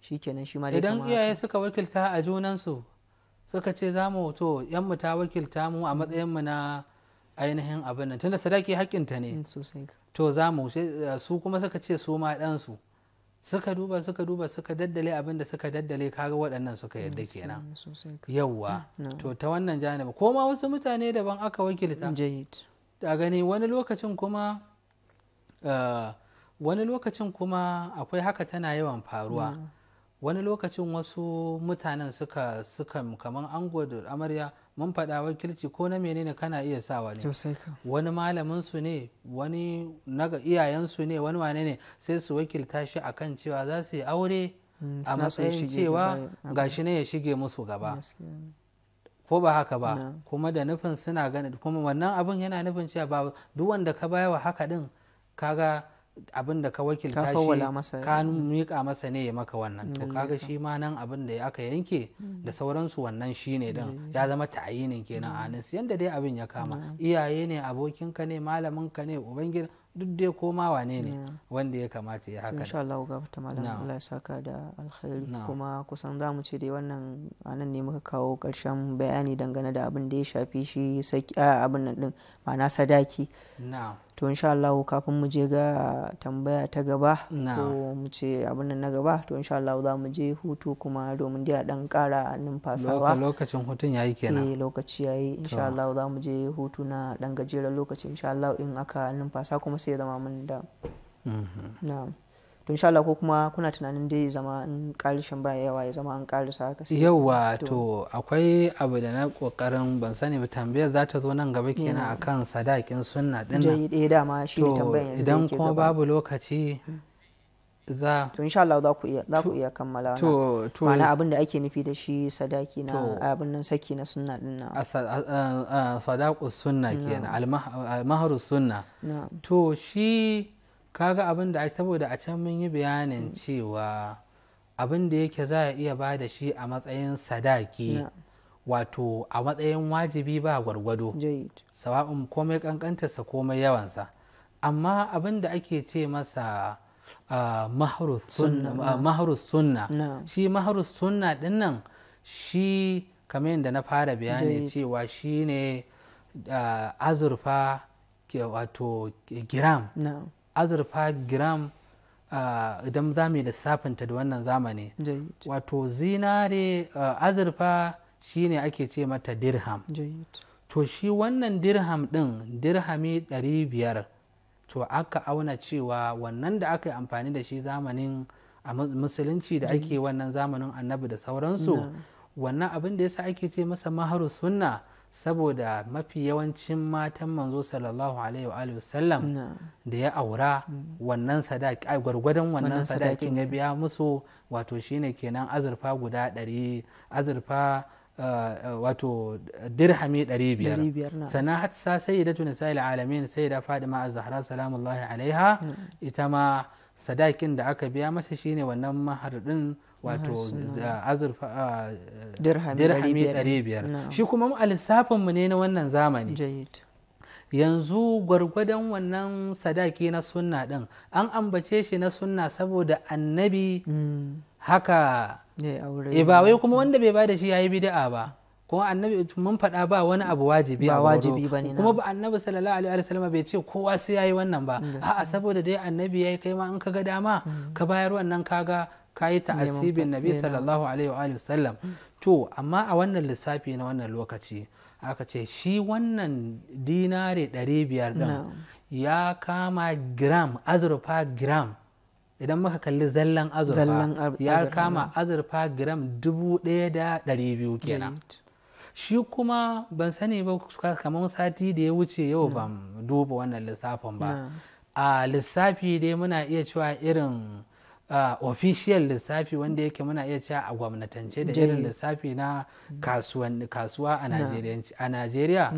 Speaker 1: shi kenan shi ma da idan
Speaker 3: iyaye suka wakilta a junansu suka ce za mu to yan mu ta wakilta mu a matsayin mu na ainihin abin nan tunda sadaki ta ne mm, to za mu eh, su kuma suka ce su ma ɗansu suka duba suka duba suka daddale abin da suka daddale kaga waɗannan suka mm, yadda kenan yawwa mm, to ta wannan janibi ko ma wasu mutane daban aka wakilta a gani wani lokacin kuma eh, wani lokacin kuma akwai haka tana yawan faruwa wani lokacin wasu mutanen suka suka kaman ango da amarya mun faɗa wakilci ko na menene kana iya sawa ne wani malamin su ne wani naga iyayen su ne wani wane ne sai su wakilta shi akan cewa za su yi aure mm, a matsayin cewa gashi ne ya shige musu gaba ko ba haka ba kuma da nufin suna gani kuma wannan abin yana nufin cewa ba duk wanda ka wa haka din kaga abin da ka wakilta shi ka eh. miƙa masa ne ya maka wannan to mm. kaga shi ma nan abin da aka yanke mm. da sauransu wannan shi ne din mm. ya zama ta'ayinin kenan a hannunsu yadda dai abin ya kama iyaye ne abokin ka ne malaminka ne ubangida duk dai koma wane ne wanda ya kamata ya haka insha Allah ga fata malamin Allah
Speaker 1: ya saka da alkhairi kuma kusan zamu ce dai wannan anan ne muka kawo karshen bayani dangane da abin da ya shafi shi saki abin nan din ma'ana sadaki na'am to insha Allah kafin mu je ga tambaya ta gaba ko mu ce abin nan na gaba to insha Allah za mu je hutu kuma domin dai a dan kara numfasawa
Speaker 3: lokacin hutun
Speaker 1: yayi kenan eh lokaci yayi insha Allah za mu je hutu na dan gajeren lokaci insha Allah in aka numfasa kuma sai ya zama mun da mhm. na'am to insha Allah ko kuma kuna tunanin dai zama in kalishin ba yawa ya zama an karisa haka sai yawa to
Speaker 3: akwai abu da na kokarin ban sani ba tambayar za ta zo nan gaba kenan akan sadakin sunna din nan
Speaker 1: jayi dama shi ne tambayar yanzu idan kuma babu
Speaker 3: lokaci za to insha Allah za
Speaker 1: ku iya za ku iya kammala to to ma'ana abin da ake nufi da shi sadaki na abin nan saki
Speaker 3: na sunna din nan sadaqus sunna kenan almahru sunna to shi kaga abin da saboda a can mun yi bayanin cewa abin da yake za a iya ba da shi a matsayin sadaki wato a matsayin wajibi ba gwargwado sawa'un komai kankantarsa komai yawansa amma abin da ake ce masa ah, maharus sunna ah, shi maharus sunna din nan shi kamar yadda na fara bayani cewa shi ne ah, azurfa wato giram azurfa gram idan za mu yi lissafinta da wannan zamani wato zinare azurfa shine ake ce mata dirham to shi wannan dirham din dirhami 500 to aka auna cewa wannan da aka yi amfani da shi zamanin a musulunci da ake wannan zamanin annabi da sauransu wannan abin da yasa ake ce masa maharu sunna saboda mafi yawancin matan manzo sallallahu alaihi wa sallam da ya aura mm. wannan sadaki ai gwargwadon wannan sadakin ya biya musu wato shine kenan azurfa guda ɗari azurfa eh, eh, wato dirhami 500 sannan hatsa sai da tunisa alamin sayyida fadima az-zahra salamullahi alaiha mm. ita ma sadakin da aka biya masa shine wannan mahar din wato azurfa dirhami 500 shi kuma a mu ne na wannan zamani yanzu gwargwadon wannan sadaki na sunna din an ambace shi na sunna saboda annabi mm. haka eh, wai kuma wanda bai bada shi ya yi bida'a ba ko annabi mun faɗa ba wani abu wajibi ba wajibi bane kuma ba annabi sallallahu alaihi wasallam bai ce kowa sai yayi wannan ba a'a saboda dai annabi yayi kai ma in ka ga dama mm. ka bayar wannan kaga kayi ta'assibin nabi sallallahu alaihi wa sallam mm. to amma a wannan lissafi na wannan lokaci aka ce shi wannan dinare 500 din ya kama gram azurfa gram idan muka kalli zallan azurfa ya kama azurfa gram 1200 kenan shi kuma ban sani ba kamar sati da ya wuce yau hmm. ban duba wannan lissafin ba hmm. a lissafi dai muna iya cewa irin official lissafi wanda yake muna iya cewa a gwamnatance da irin lissafi na hmm. kasuwa a najeriya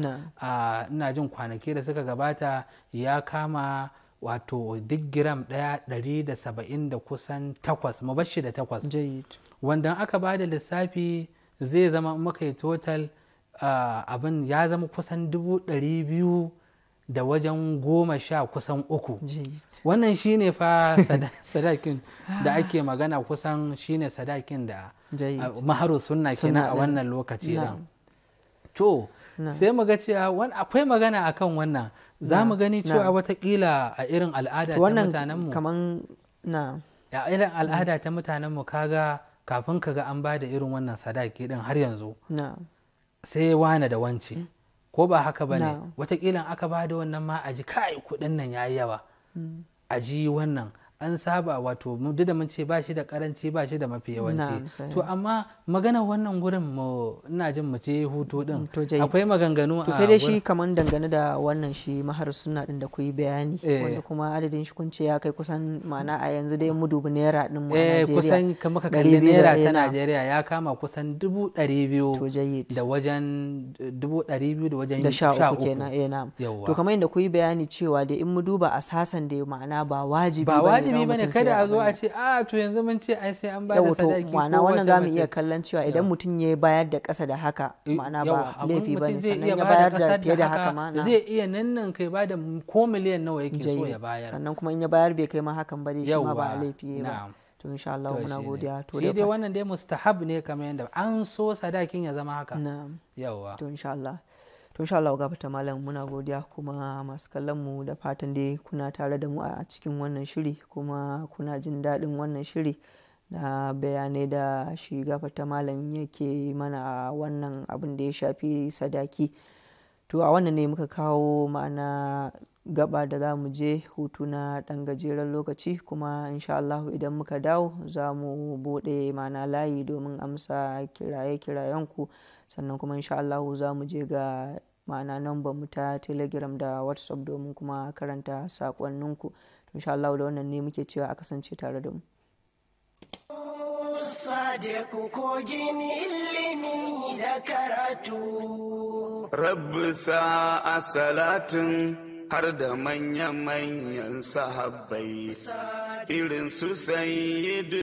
Speaker 3: ina jin kwanaki da suka gabata ya kama wato duk giram ɗaya dari da saba'in da kusan takwas mabashi da takwas wanda aka ba da lissafi zai zama makai total abin ya zama kusan dubu ɗari biyu da wajen goma sha kusan uku wannan shine fa (laughs) sadakin da ake magana kusan shine sadakin da maharu sunna kenan a wannan lokaci to sai mu ga cewa akwai magana akan wannan za mu gani cewa watakila a irin al'ada ta mutanenmu
Speaker 1: kaman na
Speaker 3: a irin al'ada ta mutanenmu kaga kafin ka ga an ba da irin wannan sadaki din har yanzu sai wane da wance mm. ko ba haka ba ne watakila aka ba da wannan ma a ji kai kudin nan ya yi yawa mm. a ji wannan an saba wato duk da mun ce ba shi da karanci ba shi da mafi yawanci to amma magana wannan gurin mu ina jin mu ce hutu din akwai maganganu to sai dai shi
Speaker 1: kaman dangane da wannan shi mahar sunna din da kuyi bayani eh. wanda kuma adadin shi kun ce ya kai kusan ma'ana a yanzu dai mu dubi naira din mu a eh, Najeriya kusan kamar ka kalli naira ta
Speaker 3: Najeriya ya kama kusan dubu ɗari biyu da wajen dubu ɗari biyu da wajen sha uku kenan eh na to
Speaker 1: kamar yadda kuyi bayani cewa da in mu duba asasan da ma'ana ba wajibi ba ilimi bane kada a zo a
Speaker 3: ce a ah, to yanzu mun ce ai sai an ba da sadaki ko ma'ana wannan zamu iya
Speaker 1: kallon cewa idan mutum ya bayar da ƙasa da haka eh, ma'ana ba laifi bane sannan ya bayar da fiye da haka ma'ana
Speaker 3: zai iya nan nan kai ba da ko miliyan
Speaker 1: nawa yake so ya bayar sannan kuma in ya bayar bai kai ma hakan ba dai shi ma ba laifi ba to insha Allah muna godiya to dai
Speaker 3: wannan dai mustahab ne kamar yanda an so sadakin ya zama haka na'am
Speaker 1: yawa to insha Allah to sha Allah ga fata malam muna godiya kuma masu kallon mu da fatan dai kuna tare da mu a cikin wannan shiri kuma kuna jin daɗin wannan shiri na bayanai da shi gafata malam yake mana wannan abin da ya shafi sadaki to a wannan ne muka kawo ma'ana gaba da za mu je hutu na ɗan gajeren lokaci kuma insha Allah idan muka dawo za mu buɗe mana layi domin amsa kiraye-kirayenku sannan kuma insha Allah za mu je ga ma'ana namban mu ta telegram da whatsapp domin kuma karanta saƙonninku insha Allah da wannan ne muke cewa a kasance tare da mu
Speaker 2: صادق كوجين ilimi da karatu salatin har da manya-manyan sahabbai irin su sayi